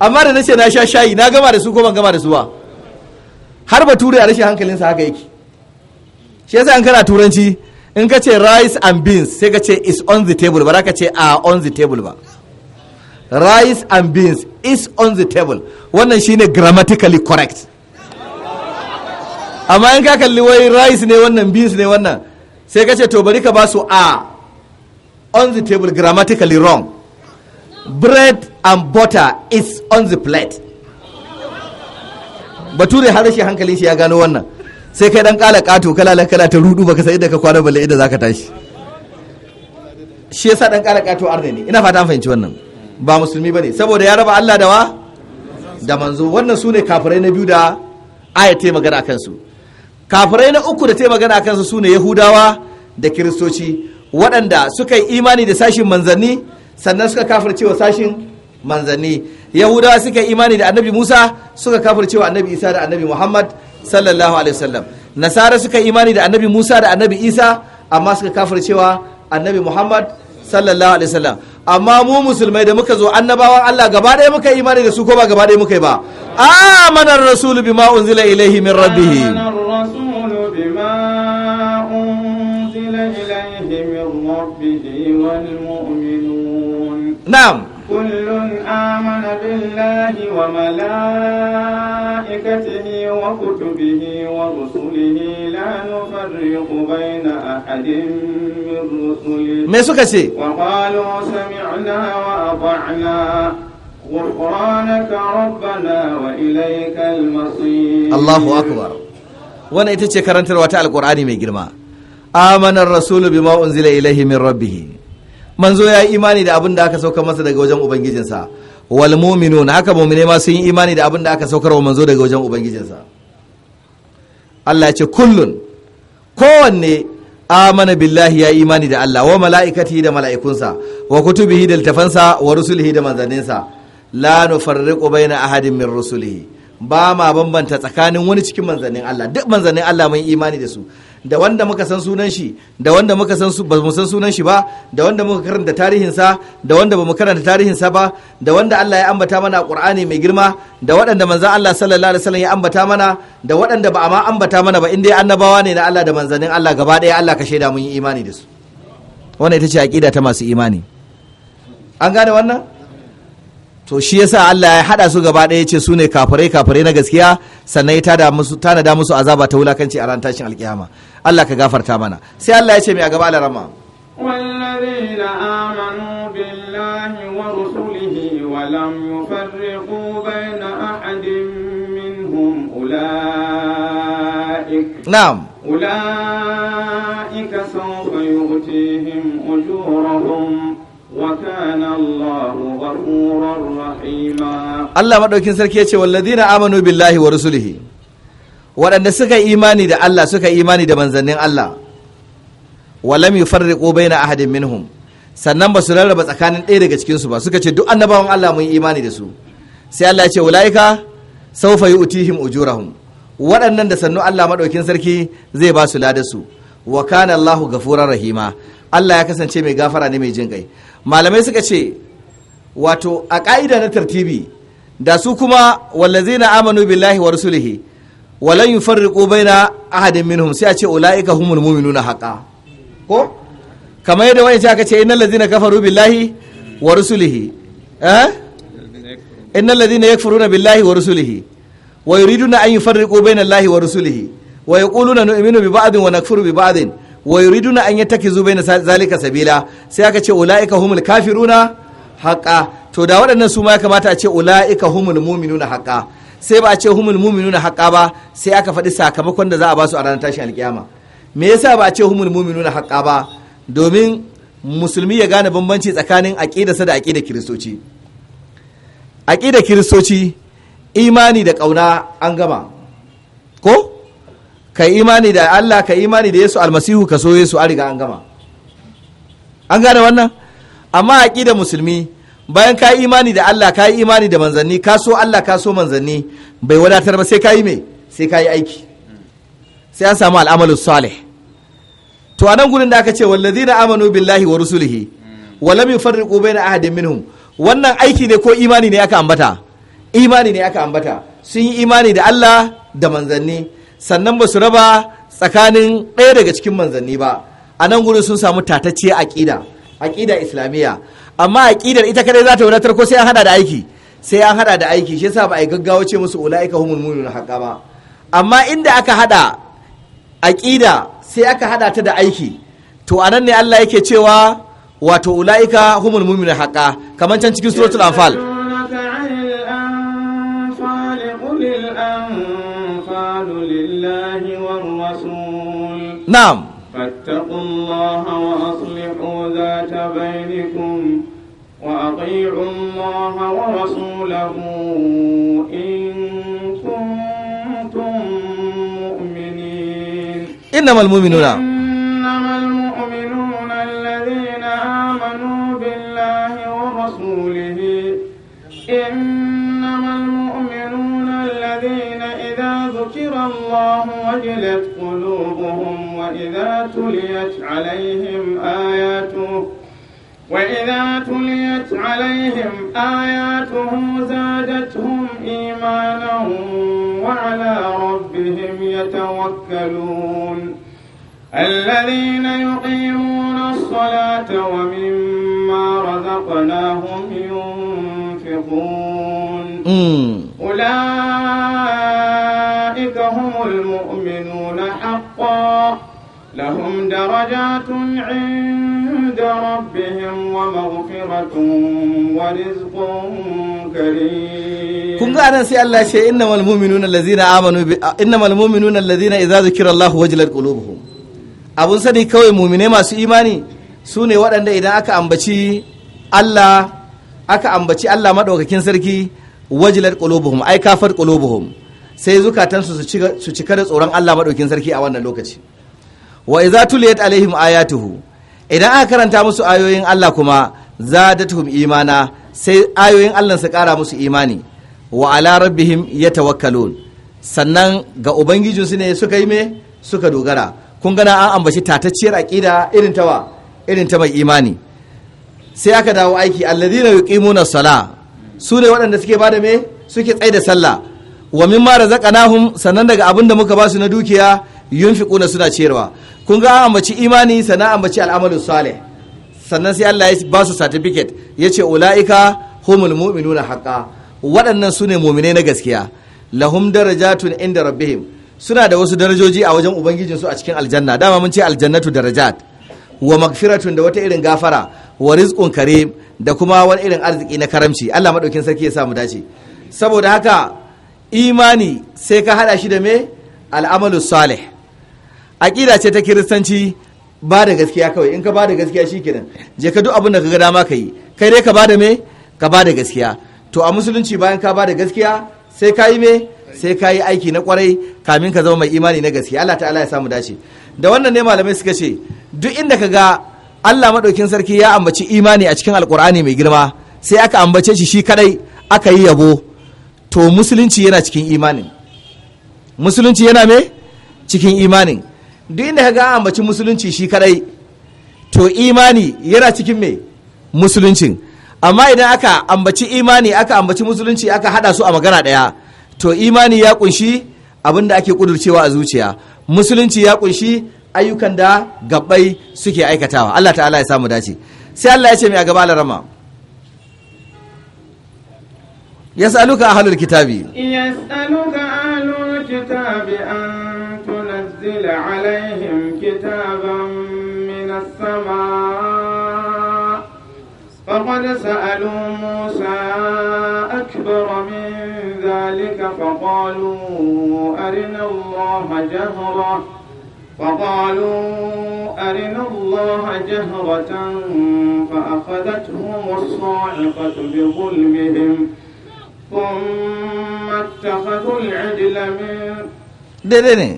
amma da na ce na sha shayi na gama da su ko ban gama da su ba har bature a rashin hankalinsa haka yake shi yasa an kana turanci in ka ce rice and beans sai ka ce is on the table ba za ka ce a on the table ba rice and beans is on the table wannan shi ne grammatically correct amma in ka kalli wai rice ne wannan beans ne wannan sai ka ce to bari ka ba su a on the table grammatically wrong bread and butter is on the plate bature har shi hankalin shi ya gano wannan sai kai dan kala kato kala kala ta rudu baka sai da ka kwana balle idan zaka tashi shi yasa dan kala kato arda ne ina fata an fahimci wannan ba musulmi bane saboda ya raba Allah da wa da manzo wannan sune kafirai na biyu da aya ta magana akan su kafirai na uku da ta magana akan su sune yahudawa da kiristoci waɗanda suka yi imani da sashin manzanni sannan suka kafirce wa sashin manzanni yahudawa suka imani da annabi musa suka kafircewa annabi isa da annabi muhammad sallallahu alaihi wasallam nasara suka imani da annabi musa da annabi isa amma suka kafircewa annabi muhammad sallallahu alaihi wasallam amma mu musulmai da muka zo annabawan Allah gaba ɗaya muka imani da su ko ba gaba ɗaya muka yi ba amanar rasul bima unzila ilaihi min rabbih na'am بالله وملائكته وكتبه ورسله لا نفرق ita ce karantarwa ta alkur'ani mai girma Amanan rasulu bima unzila ilaihi min manzo ya yi imani da abin da aka sauka masa daga wajen ubangijinsa wal na haka mu'mine ma sun yi imani da abinda aka saukar wa manzo daga wajen ubangijinsa Allah ya ce kullun kowanne amana billahi ya imani da Allah wa mala'ikati da mala'ikunsa wa kutubihi da littafansa wa rusulihi da manzanninsa la nufarriqu baina ahadin min rusulihi ba ma bambanta tsakanin wani cikin manzannin Allah duk manzannin Allah mun imani da su da wanda muka san sunan shi da wanda muka san ba mu san sunan shi ba da wanda muka karanta tarihinsa da wanda ba mu karanta tarihinsa ba da wanda Allah ya ambata mana a Qur'ani mai girma da waɗanda manzon Allah sallallahu alaihi wasallam ya ambata mana da waɗanda ba a ambata mana ba indai annabawa ne na Allah da manzannin Allah gaba ɗaya Allah ka shaida mun yi imani da su wannan ita ce aqida ta masu imani an gane wannan to shi yasa Allah ya haɗa su gaba ɗaya ce su ne kafirai kafirai na gaskiya sannan ya tada musu tanada musu azaba ta wulakanci a ran tashin alkiyama Allah ka gafarta mana sai Allah ya ce mai a gaba alarama والذين آمنوا بالله ورسله ولم يفرقوا بين أحد منهم أولئك نعم أولئك سوف يؤتيهم Allah maɗaukin sarki ya ce مدوكين na amanu billahi wa بالله waɗanda suka yi imani da Allah suka yi imani da manzannin Allah walam yufarriqu baina ahadin minhum sannan ba su rarraba tsakanin ɗaya daga cikinsu ba suka ce duk annabawan Allah mun yi imani da su sai Allah ya ce ulaika sawfa yu'tihim ujurahum waɗannan da sannu Allah maɗaukin sarki zai ba su ladarsu wa kana Allahu rahima Allah ya kasance mai gafara ne mai jin kai malamai suka ce wato a ka'ida na tartibi da su kuma na amanu billahi wa rasulihi walan yufarriqu baina ahadin minhum sai a ce ulaika humul na haƙa ko kamar yadda wani aka ce innal ladzina kafaru billahi wa rusulihi eh innal ladzina yakfuruna billahi wa rusulihi wa yuriduna an yufarriqu baina allahi wa rusulihi wa yaquluna nu'minu bi ba'din wa nakfuru bi ba'din wa yuriduna an yattakizu na zalika sabila sai aka ce ulaika humul kafiruna haƙa to da waɗannan su ma ya kamata a ce ulaika humul mu'minuna haƙa sai ba a ce humul mu'minuna haƙa ba sai aka faɗi sakamakon da za a ba su a ranar tashin alƙiyama. me yasa ba a ce humul mu'minuna haƙa ba domin musulmi ya gane bambanci tsakanin sa da aqidar kiristoci aƙida kiristoci imani da ƙauna an gama ko ka imani da Allah ka imani da Yesu almasihu ka so Yesu an riga an gama an gane wannan amma da musulmi bayan ka imani da Allah ka imani da manzanni ka so Allah ka so manzanni bai wadatar ba sai ka yi me sai ka yi aiki sai an samu al'amalu salih to a nan gurin da aka ce wallazina amanu billahi wa rusulihi wa lam yufarriqu baina ahadin minhum wannan aiki ne ko imani ne aka ambata imani ne aka ambata sun yi imani da Allah da manzanni sannan ba su raba tsakanin ɗaya daga cikin manzanni ba a nan gudun sun samu tatacce aƙida aƙida islamiyya amma ƙidar ita kadai za ta wadatar ko sai an hada da aiki sai an hada da aiki shi yasa ba a gaggawa ce musu ula'ika humul mu'minun haqqa ba amma inda aka hada aƙida sai aka hada ta da aiki to anan ne Allah yake cewa wato ula'ika humul mu'minun haqqa kamar can cikin suratul anfal الله والرسول نعم فاتقوا الله وأصلحوا ذات بينكم وأطيعوا الله ورسوله إن كنتم مؤمنين إنما المؤمنون إنما المؤمنون الذين آمنوا بالله ورسوله إنما المؤمنون الذين ذكر الله وجلت قلوبهم وإذا تليت عليهم آياته وإذا تليت عليهم آياته زادتهم إيمانا وعلى ربهم يتوكلون الذين يقيمون الصلاة ومما رزقناهم ينفقون أولئك هم المؤمنون حقا لهم درجات عند ربهم ومغفرة ورزق كريم kun ga anan sai Allah ce innamal mu'minuna allazina amanu innamal mu'minuna allazina idza zukira Allahu wajilat qulubuhum abun sani kawai mu'mine masu imani sune waɗanda idan aka ambaci Allah aka ambaci Allah madaukakin sarki wajilar qulubuhum ai kafar qulubuhum sai zukatansu su cika da tsoron Allah maɗaukin sarki a wannan lokaci wa iza tuliyat alaihim ayatuhu idan aka karanta musu ayoyin Allah kuma zadatuhum imana sai ayoyin Allah su ƙara musu imani wa ala rabbihim yatawakkalun sannan ga ubangijinsu ne suka yi me suka dogara kun gana an ambaci tatacciyar aqida irin tawa irin ta mai imani sai aka dawo aiki alladhina yuqimuna sala su ne waɗanda suke bada me suke tsaye da sallah wa min mimma razaqnahum sannan daga abinda da muka basu na dukiya yunfiquna suna ciyarwa kun ga an ambaci imani sannan ambaci al'amalu salih sannan sai Allah ya ba su certificate yace ulaika humul mu'minuna haqqan waɗannan sune mu'minai na gaskiya lahum darajatun inda rabbihim suna da wasu darajoji a wajen ubangijin su a cikin aljanna dama mun ce aljannatu darajat wa magfiratun da wata irin gafara wa rizqun karim da kuma wani irin arziki na karamci Allah madaukin sarki ya sa dace saboda haka imani sai ka hada shi da me al'amalu salih aqida ce ta kiristanci ba da gaskiya kawai in ka ba da gaskiya shikenan je ka duk abin da ka ga dama kai kai dai ka ba da me ka ba da gaskiya to a musulunci bayan ka ba da gaskiya sai ka yi me sai ka yi aiki na kwarai kamin ka zama mai imani na gaskiya Allah ta'ala ya samu dace da wannan ne malamai suka ce duk inda ka ga Allah madaukin sarki ya ambaci imani a cikin alkur'ani mai girma sai aka ambace shi shi kadai aka yi yabo to musulunci yana cikin imanin musulunci yana me cikin imanin duk inda kaga an ambaci musulunci shi kadai to imani yana cikin me musuluncin amma idan aka ambaci imani aka ambaci musulunci aka hada su a magana daya to imani ya kunshi abinda ake kudurcewa a zuciya musulunci ya kunshi ayyukan da gabbai suke aikatawa Allah ta'ala ya samu dace sai Allah ya ce mai a gaba larama يسألك أهل الكتاب يسألك أهل الكتاب أن تنزل عليهم كتابا من السماء فقد سألوا موسى أكبر من ذلك فقالوا أرنا الله جهرة فقالوا أرنا الله جهرة فأخذتهم الصاعقة بظلمهم kumma saka kul ɛdi la min. daidai ne.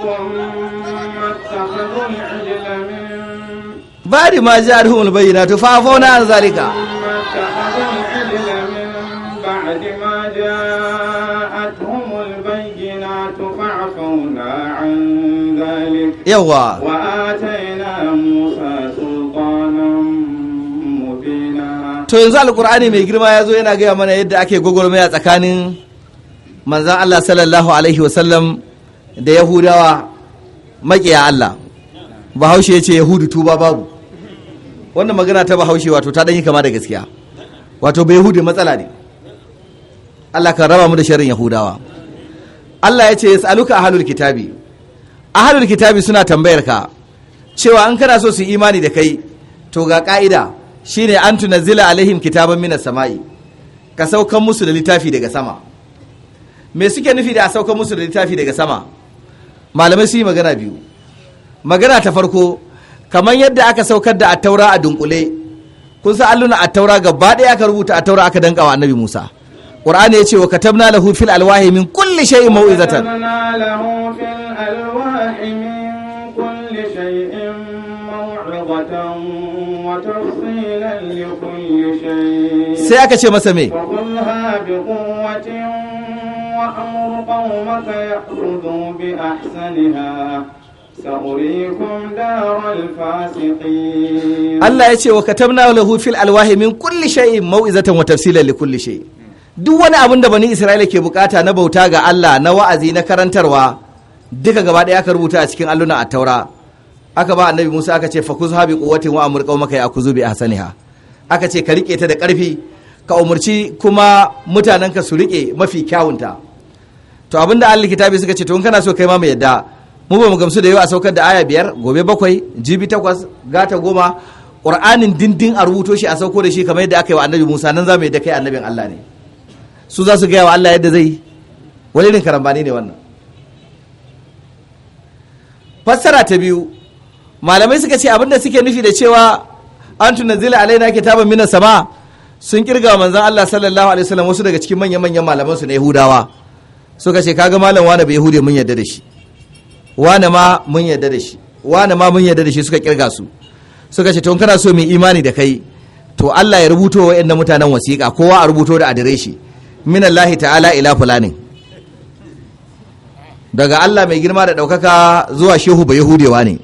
kumma an zalika. kumma saka a' dɛ to yanzu alkur'ani mai girma ya zo yana gaya mana yadda ake gwagwarmaya tsakanin manzan allah sallallahu alaihi wasallam da yahudawa maƙiya allah bahaushe ya ce yahudu tuba babu wannan magana ta bahaushe wato ta ɗanyi kama da gaskiya wato bai yahudu matsala ne allah kan raba mu da sharrin yahudawa allah ya ce ya tsaluka halul kitabi a halul kitabi suna tambayar ka cewa an kana so su imani da kai to ga ka'ida shine an tunazzila alaihim kitaban mina sama'i ka saukan musu da littafi daga sama me suke nufi da a saukan musu da littafi daga sama malamai su yi magana biyu magana ta farko kamar yadda aka saukar da attaura a dunkule kun sa alluna attaura gaba ɗaya aka rubuta attaura aka danka wa annabi musa qur'ani ya ce wa katabna lahu fil alwahi min kulli shay'in mau'izatan sai aka ce masa me Allah ya ce wa katabna lahu fil alwahi min kulli shay'i mau'izatan wa tafsilan li kulli shay'i duk wani abin da bani isra'ila ke bukata na bauta ga Allah na wa'azi na karantarwa duka gaba daya aka rubuta a cikin alluna at-taura aka ba annabi Musa aka ce fakuzu habi quwwatin wa amur qaumaka ya akuzu bi ahsaniha aka ce ka rike ta da karfi ka umurci kuma mutanenka su rike mafi kyawunta to abinda Allah kitabi suka ce to in kana so kai ma mu yadda mu ba mu gamsu da yau a saukar da aya biyar gobe bakwai jibi takwas gata goma qur'anin dindin a rubuto shi a sauko da shi kamar yadda aka yi wa annabi Musa nan za mu yadda kai annabin Allah ne su za su gaya wa Allah yadda zai wani irin karambani ne wannan fassara ta biyu malamai suka ce abinda suke nufi da cewa an tunazila alaina kitaban minas sama sun kirga manzon Allah sallallahu alaihi wasallam wasu daga cikin manyan manyan malaman su na Yahudawa suka ce kaga malam wani bai Yahudi mun yarda da shi wani ma mun yarda da shi wani ma mun yarda da shi suka kirga su suka ce to kana so mai imani da kai to Allah ya rubuto wa ƴan mutanen wasiƙa kowa a rubuto da adireshi minallahi ta'ala ila fulani daga Allah mai girma da ɗaukaka zuwa shehu ba Yahudewa ne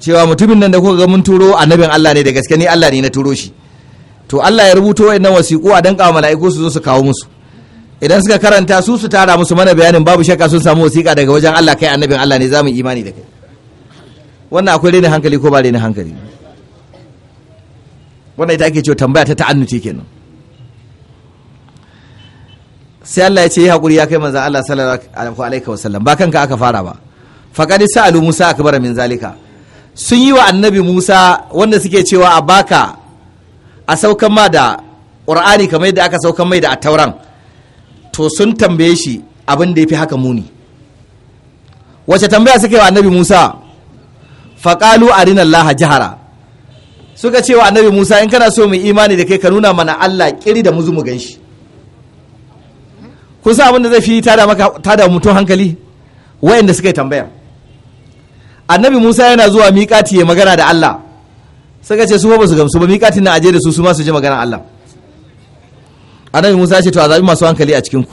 cewa mutumin nan da kuka ga mun turo annabin Allah ne da gaske ni Allah ne na turo shi to Allah ya rubuto wa'annan wasiƙu a danƙa mala'iku su zo su kawo musu idan suka karanta su su tara musu mana bayanin babu shakka sun samu wasiƙa daga wajen Allah kai annabin Allah ne zamu imani da kai wannan akwai rena hankali ko ba rena hankali wannan ita ake cewa tambaya ta ta'annuti kenan sai Allah ya ce yi haƙuri ya kai manzan Allah sallallahu alaihi sallam ba kanka aka fara ba faqad sa'alu Musa akbar min zalika sun yi wa annabi musa wanda suke cewa a baka a saukan ma da ƙur'ani kamar yadda aka saukan mai da a tauran to sun tambaye shi abin da ya fi haka muni wace tambaya suke wa annabi musa faƙalu a rinan laha jihara suka ce wa annabi musa in kana so mu imani da kai ka nuna mana allah ƙiri da muzu mu gan shi kun abin da zai fi tada mutum hankali wayanda suka yi tambayar annabi musa yana zuwa miƙati ya magana da allah suka ce su ba su gamsu ba miƙatin na aje da su su ma su ji magana allah annabi musa ce to a zaɓi masu hankali a cikinku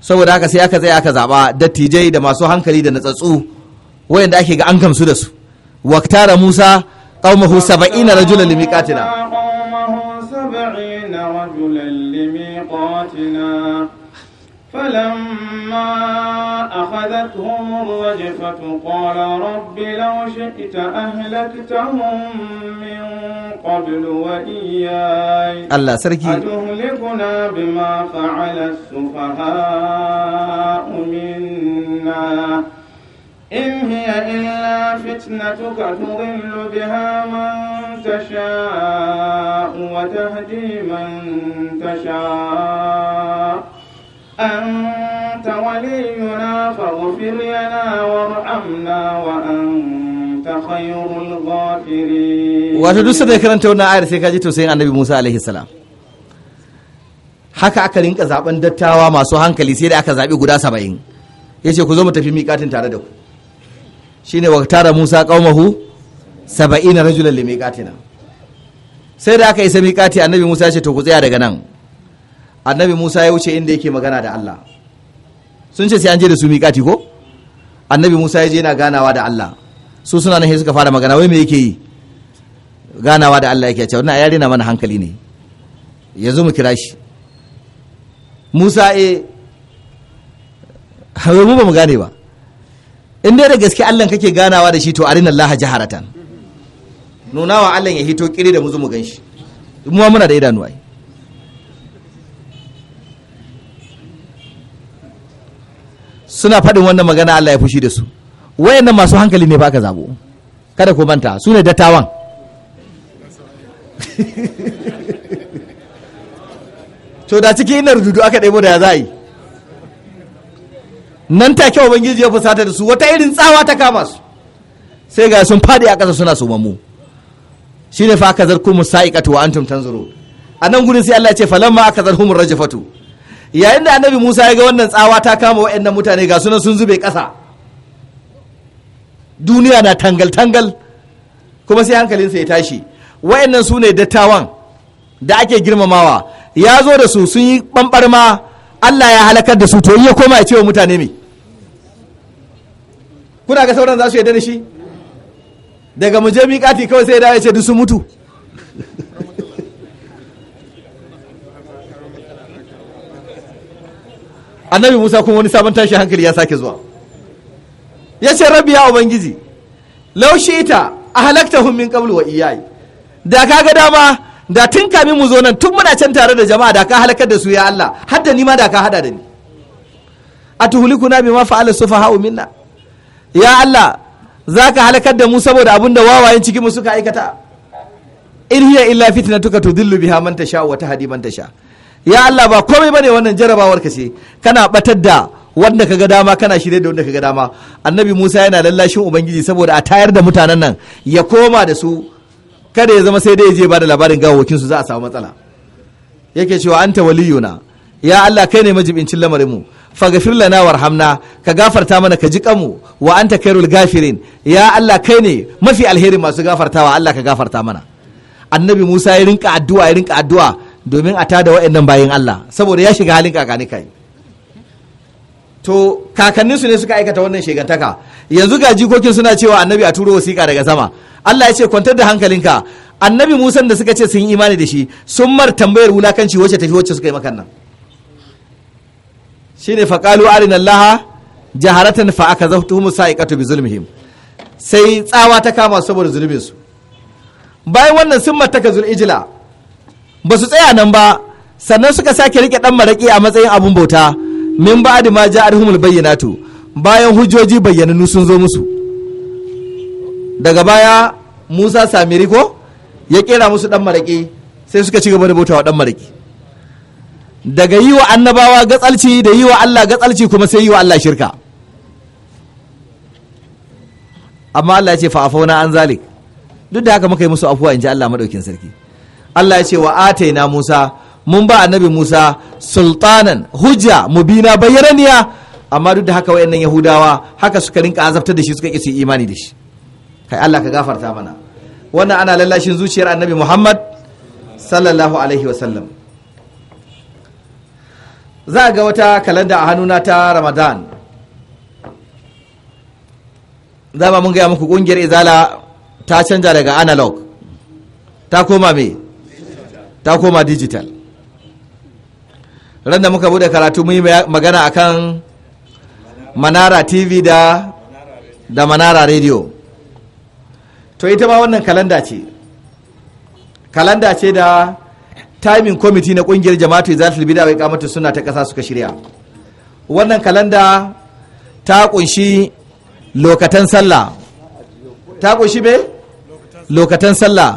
saboda haka sai aka tsaya aka zaɓa dattijai da masu hankali da natsatsu wayanda ake ga an gamsu da su waktara musa qaumahu 70 rajulan limiqatina qaumahu rajulan limiqatina فلما أخذتهم الرجفة قال رب لو شئت أهلكتهم من قبل وإياي الله سركي أتهلكنا بما فعل السفهاء منا إن هي إلا فتنتك تضل بها من تشاء وتهدي من تشاء أنت ولينا فاغفر لنا وارحمنا وأنت خير الغافرين واتو da karanta wannan ayar sai kaji to sai annabi Musa alaihi haka aka rinka zaben dattawa masu hankali sai da aka zabi guda saba'in Ya ce ku zo mu tafi miƙatin tare da ku Shi ne tara Musa ƙaumahu, saba'ina rajulan limiqatina sai da aka isa miƙati annabi Musa ya ce to ku tsaya daga nan annabi musa ya wuce inda yake magana da allah sun ce sai an je da su miƙati ko annabi musa ya je yana ganawa da allah su suna nan suka fara magana wai me yake yi ganawa da allah yake cewa wannan ayari na mana hankali ne yanzu mu kira shi musa e eh, hawa mu ba mu gane ba in dai da gaske allah kake ganawa da shi to arina allah jaharatan nuna wa allah ya hito kiri da mu zo mu gan shi mu muna da idanu ai suna faɗin wannan magana Allah ya fushi da su wayannan masu hankali ne ba ka zabo kada ku manta su ne dattawan to da cikin inar dudu aka ɗebo da ya za yi nan ban gizi ya fusata da su wata irin tsawa ta kama su sai ga sun faɗi a ƙasa suna sumammu shine fa aka zarku musa'iqatu wa antum tanzuru a nan gudun sai Allah ya ce falamma aka zarhumur rajfatu yayin da annabi musa ya ga wannan tsawa ta kama wa'annan mutane ga sunan sun zube ƙasa duniya na tangal-tangal kuma sai hankalinsa ya tashi wa'annan su ne dattawan da ake girmamawa ya zo da su sun yi ɓamɓar ma allah ya halakar da su to ya koma ya ce wa mutane me kuna ga sauran za su yi da shi daga mu je miƙati kawai sai ya dawo ya ce duk sun mutu annabi musa kuma wani sabon tashi hankali ya sake zuwa ya ce rabbi ya ubangiji laushi ita a halakta min qablu wa iyayi da ka ga dama da tun kami mu zo nan tun muna can tare da jama'a da ka halakar da su ya Allah har da ma da ka hada da ni a tuhulikuna bima fa'ala ha'u minna ya Allah za ka halakar da mu saboda abin da wawayen cikin mu suka aikata in hiya illa fitnatuka tudillu biha man tasha wa hadi manta tasha ya Allah ba komai bane wannan jarabawar ka ce kana batar da wanda kaga dama kana shirye da wanda kaga dama annabi Musa yana lallashin ubangiji saboda a tayar da mutanen nan ya koma da su kada ya zama sai dai ya je ba da labarin wakin su za a samu matsala yake cewa anta waliyuna ya Allah kai ne majibincin lamarin mu faghfir lana warhamna ka gafarta mana ka ji mu, wa anta khairul gafirin ya Allah kai ne mafi alherin masu gafartawa Allah ka gafarta mana annabi Musa ya rinka addu'a ya rinka addu'a domin a tada waɗannan bayan Allah saboda ya shiga halin kakani kai to kakanninsu ne suka aikata wannan shegantaka yanzu ga jikokin suna cewa annabi a turo wasiƙa daga sama Allah ya ce kwantar da hankalinka annabi Musa da suka ce sun yi imani da shi sun mar tambayar wulakanci wacce tafi wacce suka yi makan nan shine faqalu arina Allah jaharatan fa akazahtuhum sa'iqatu bi zulmihim sai tsawa ta kama saboda su bayan wannan sun mataka zul'ijila ba su tsaya nan ba sannan suka sake rike dan maraƙi a matsayin abun bauta min ba ma ja'arhumul bayyinatu bayan hujjoji bayyananu sun zo musu daga baya Musa Samiri ko ya kera musu dan maraƙi sai suka ci gaba da bautawa dan maraƙi daga yi wa annabawa gatsalci da yi wa Allah gatsalci kuma sai yi wa Allah shirka amma Allah ya ce fa'afauna an zalik duk da haka muka yi musu afuwa in ji Allah madaukin sarki Allah ya ce wa ataina Musa mun ba annabi Musa sultanan hujja mubina bayyananiya amma duk da haka wayannan Yahudawa haka suka rinka azabtar da shi suka kisi imani da shi kai Allah ka gafarta mana wannan ana lallashin zuciyar annabi Muhammad sallallahu alaihi sallam. za ga wata kalanda a hannuna ta Ramadan za ba mun gaya muku kungiyar izala ta canja daga analog ta koma mai ta koma digital ran da muka bude karatu mun yi magana akan manara tv da da manara radio to ita ma wannan kalanda ce kalanda ce da timing committee na kungiyar jama'atu izalatul bid'a wai kamata suna ta kasa suka shirya wannan kalanda ta kunshi lokatan sallah ta kunshi be lokatan sallah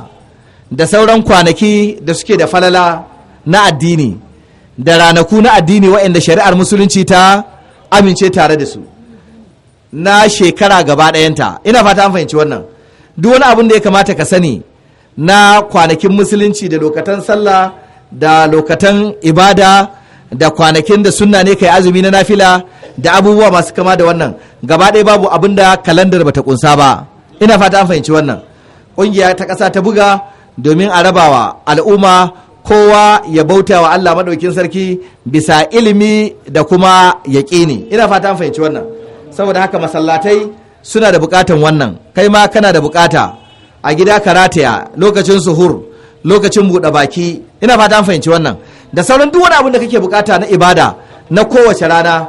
da sauran kwanaki da suke da falala na addini da ranaku na addini waɗanda shari'ar musulunci ta amince tare da su na shekara gaba ɗayanta ina fata an fahimci wannan duk wani abin da ya kamata ka sani na kwanakin musulunci da lokatan sallah da lokatan ibada da kwanakin da sunna ne kai azumi na nafila da abubuwa masu kama da wannan gaba ɗaya babu abin da kalandar bata ƙunsa ba ina fata an fahimci wannan ƙungiya ta ƙasa ta buga domin a rabawa al'umma kowa ya bauta wa Allah maɗaukin sarki bisa ilimi da kuma yaƙini ina fata fahimci wannan saboda haka masallatai suna da buƙatan wannan kai ma kana da buƙata a gida ka lokacin suhur lokacin buɗe baki ina fata fahimci wannan da sauran duk wani abin da kake buƙata na ibada na kowace rana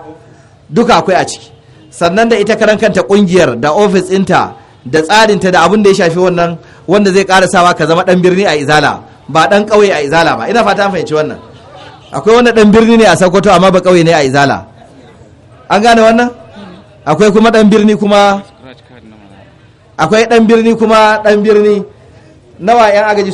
duka akwai a ciki sannan da ita karan kanta ƙungiyar da ofis ɗinta da tsarinta da abin da ya shafi wannan wanda zai ƙara sawa ka zama ɗan birni a izala ba ɗan ƙauye a izala ba ina fata fahimci wannan akwai wanda ɗan birni ne a sokoto amma ba ƙauye ne a izala an gane wannan akwai kuma ɗan birni kuma akwai ɗan birni kuma ɗan birni nawa yan agaji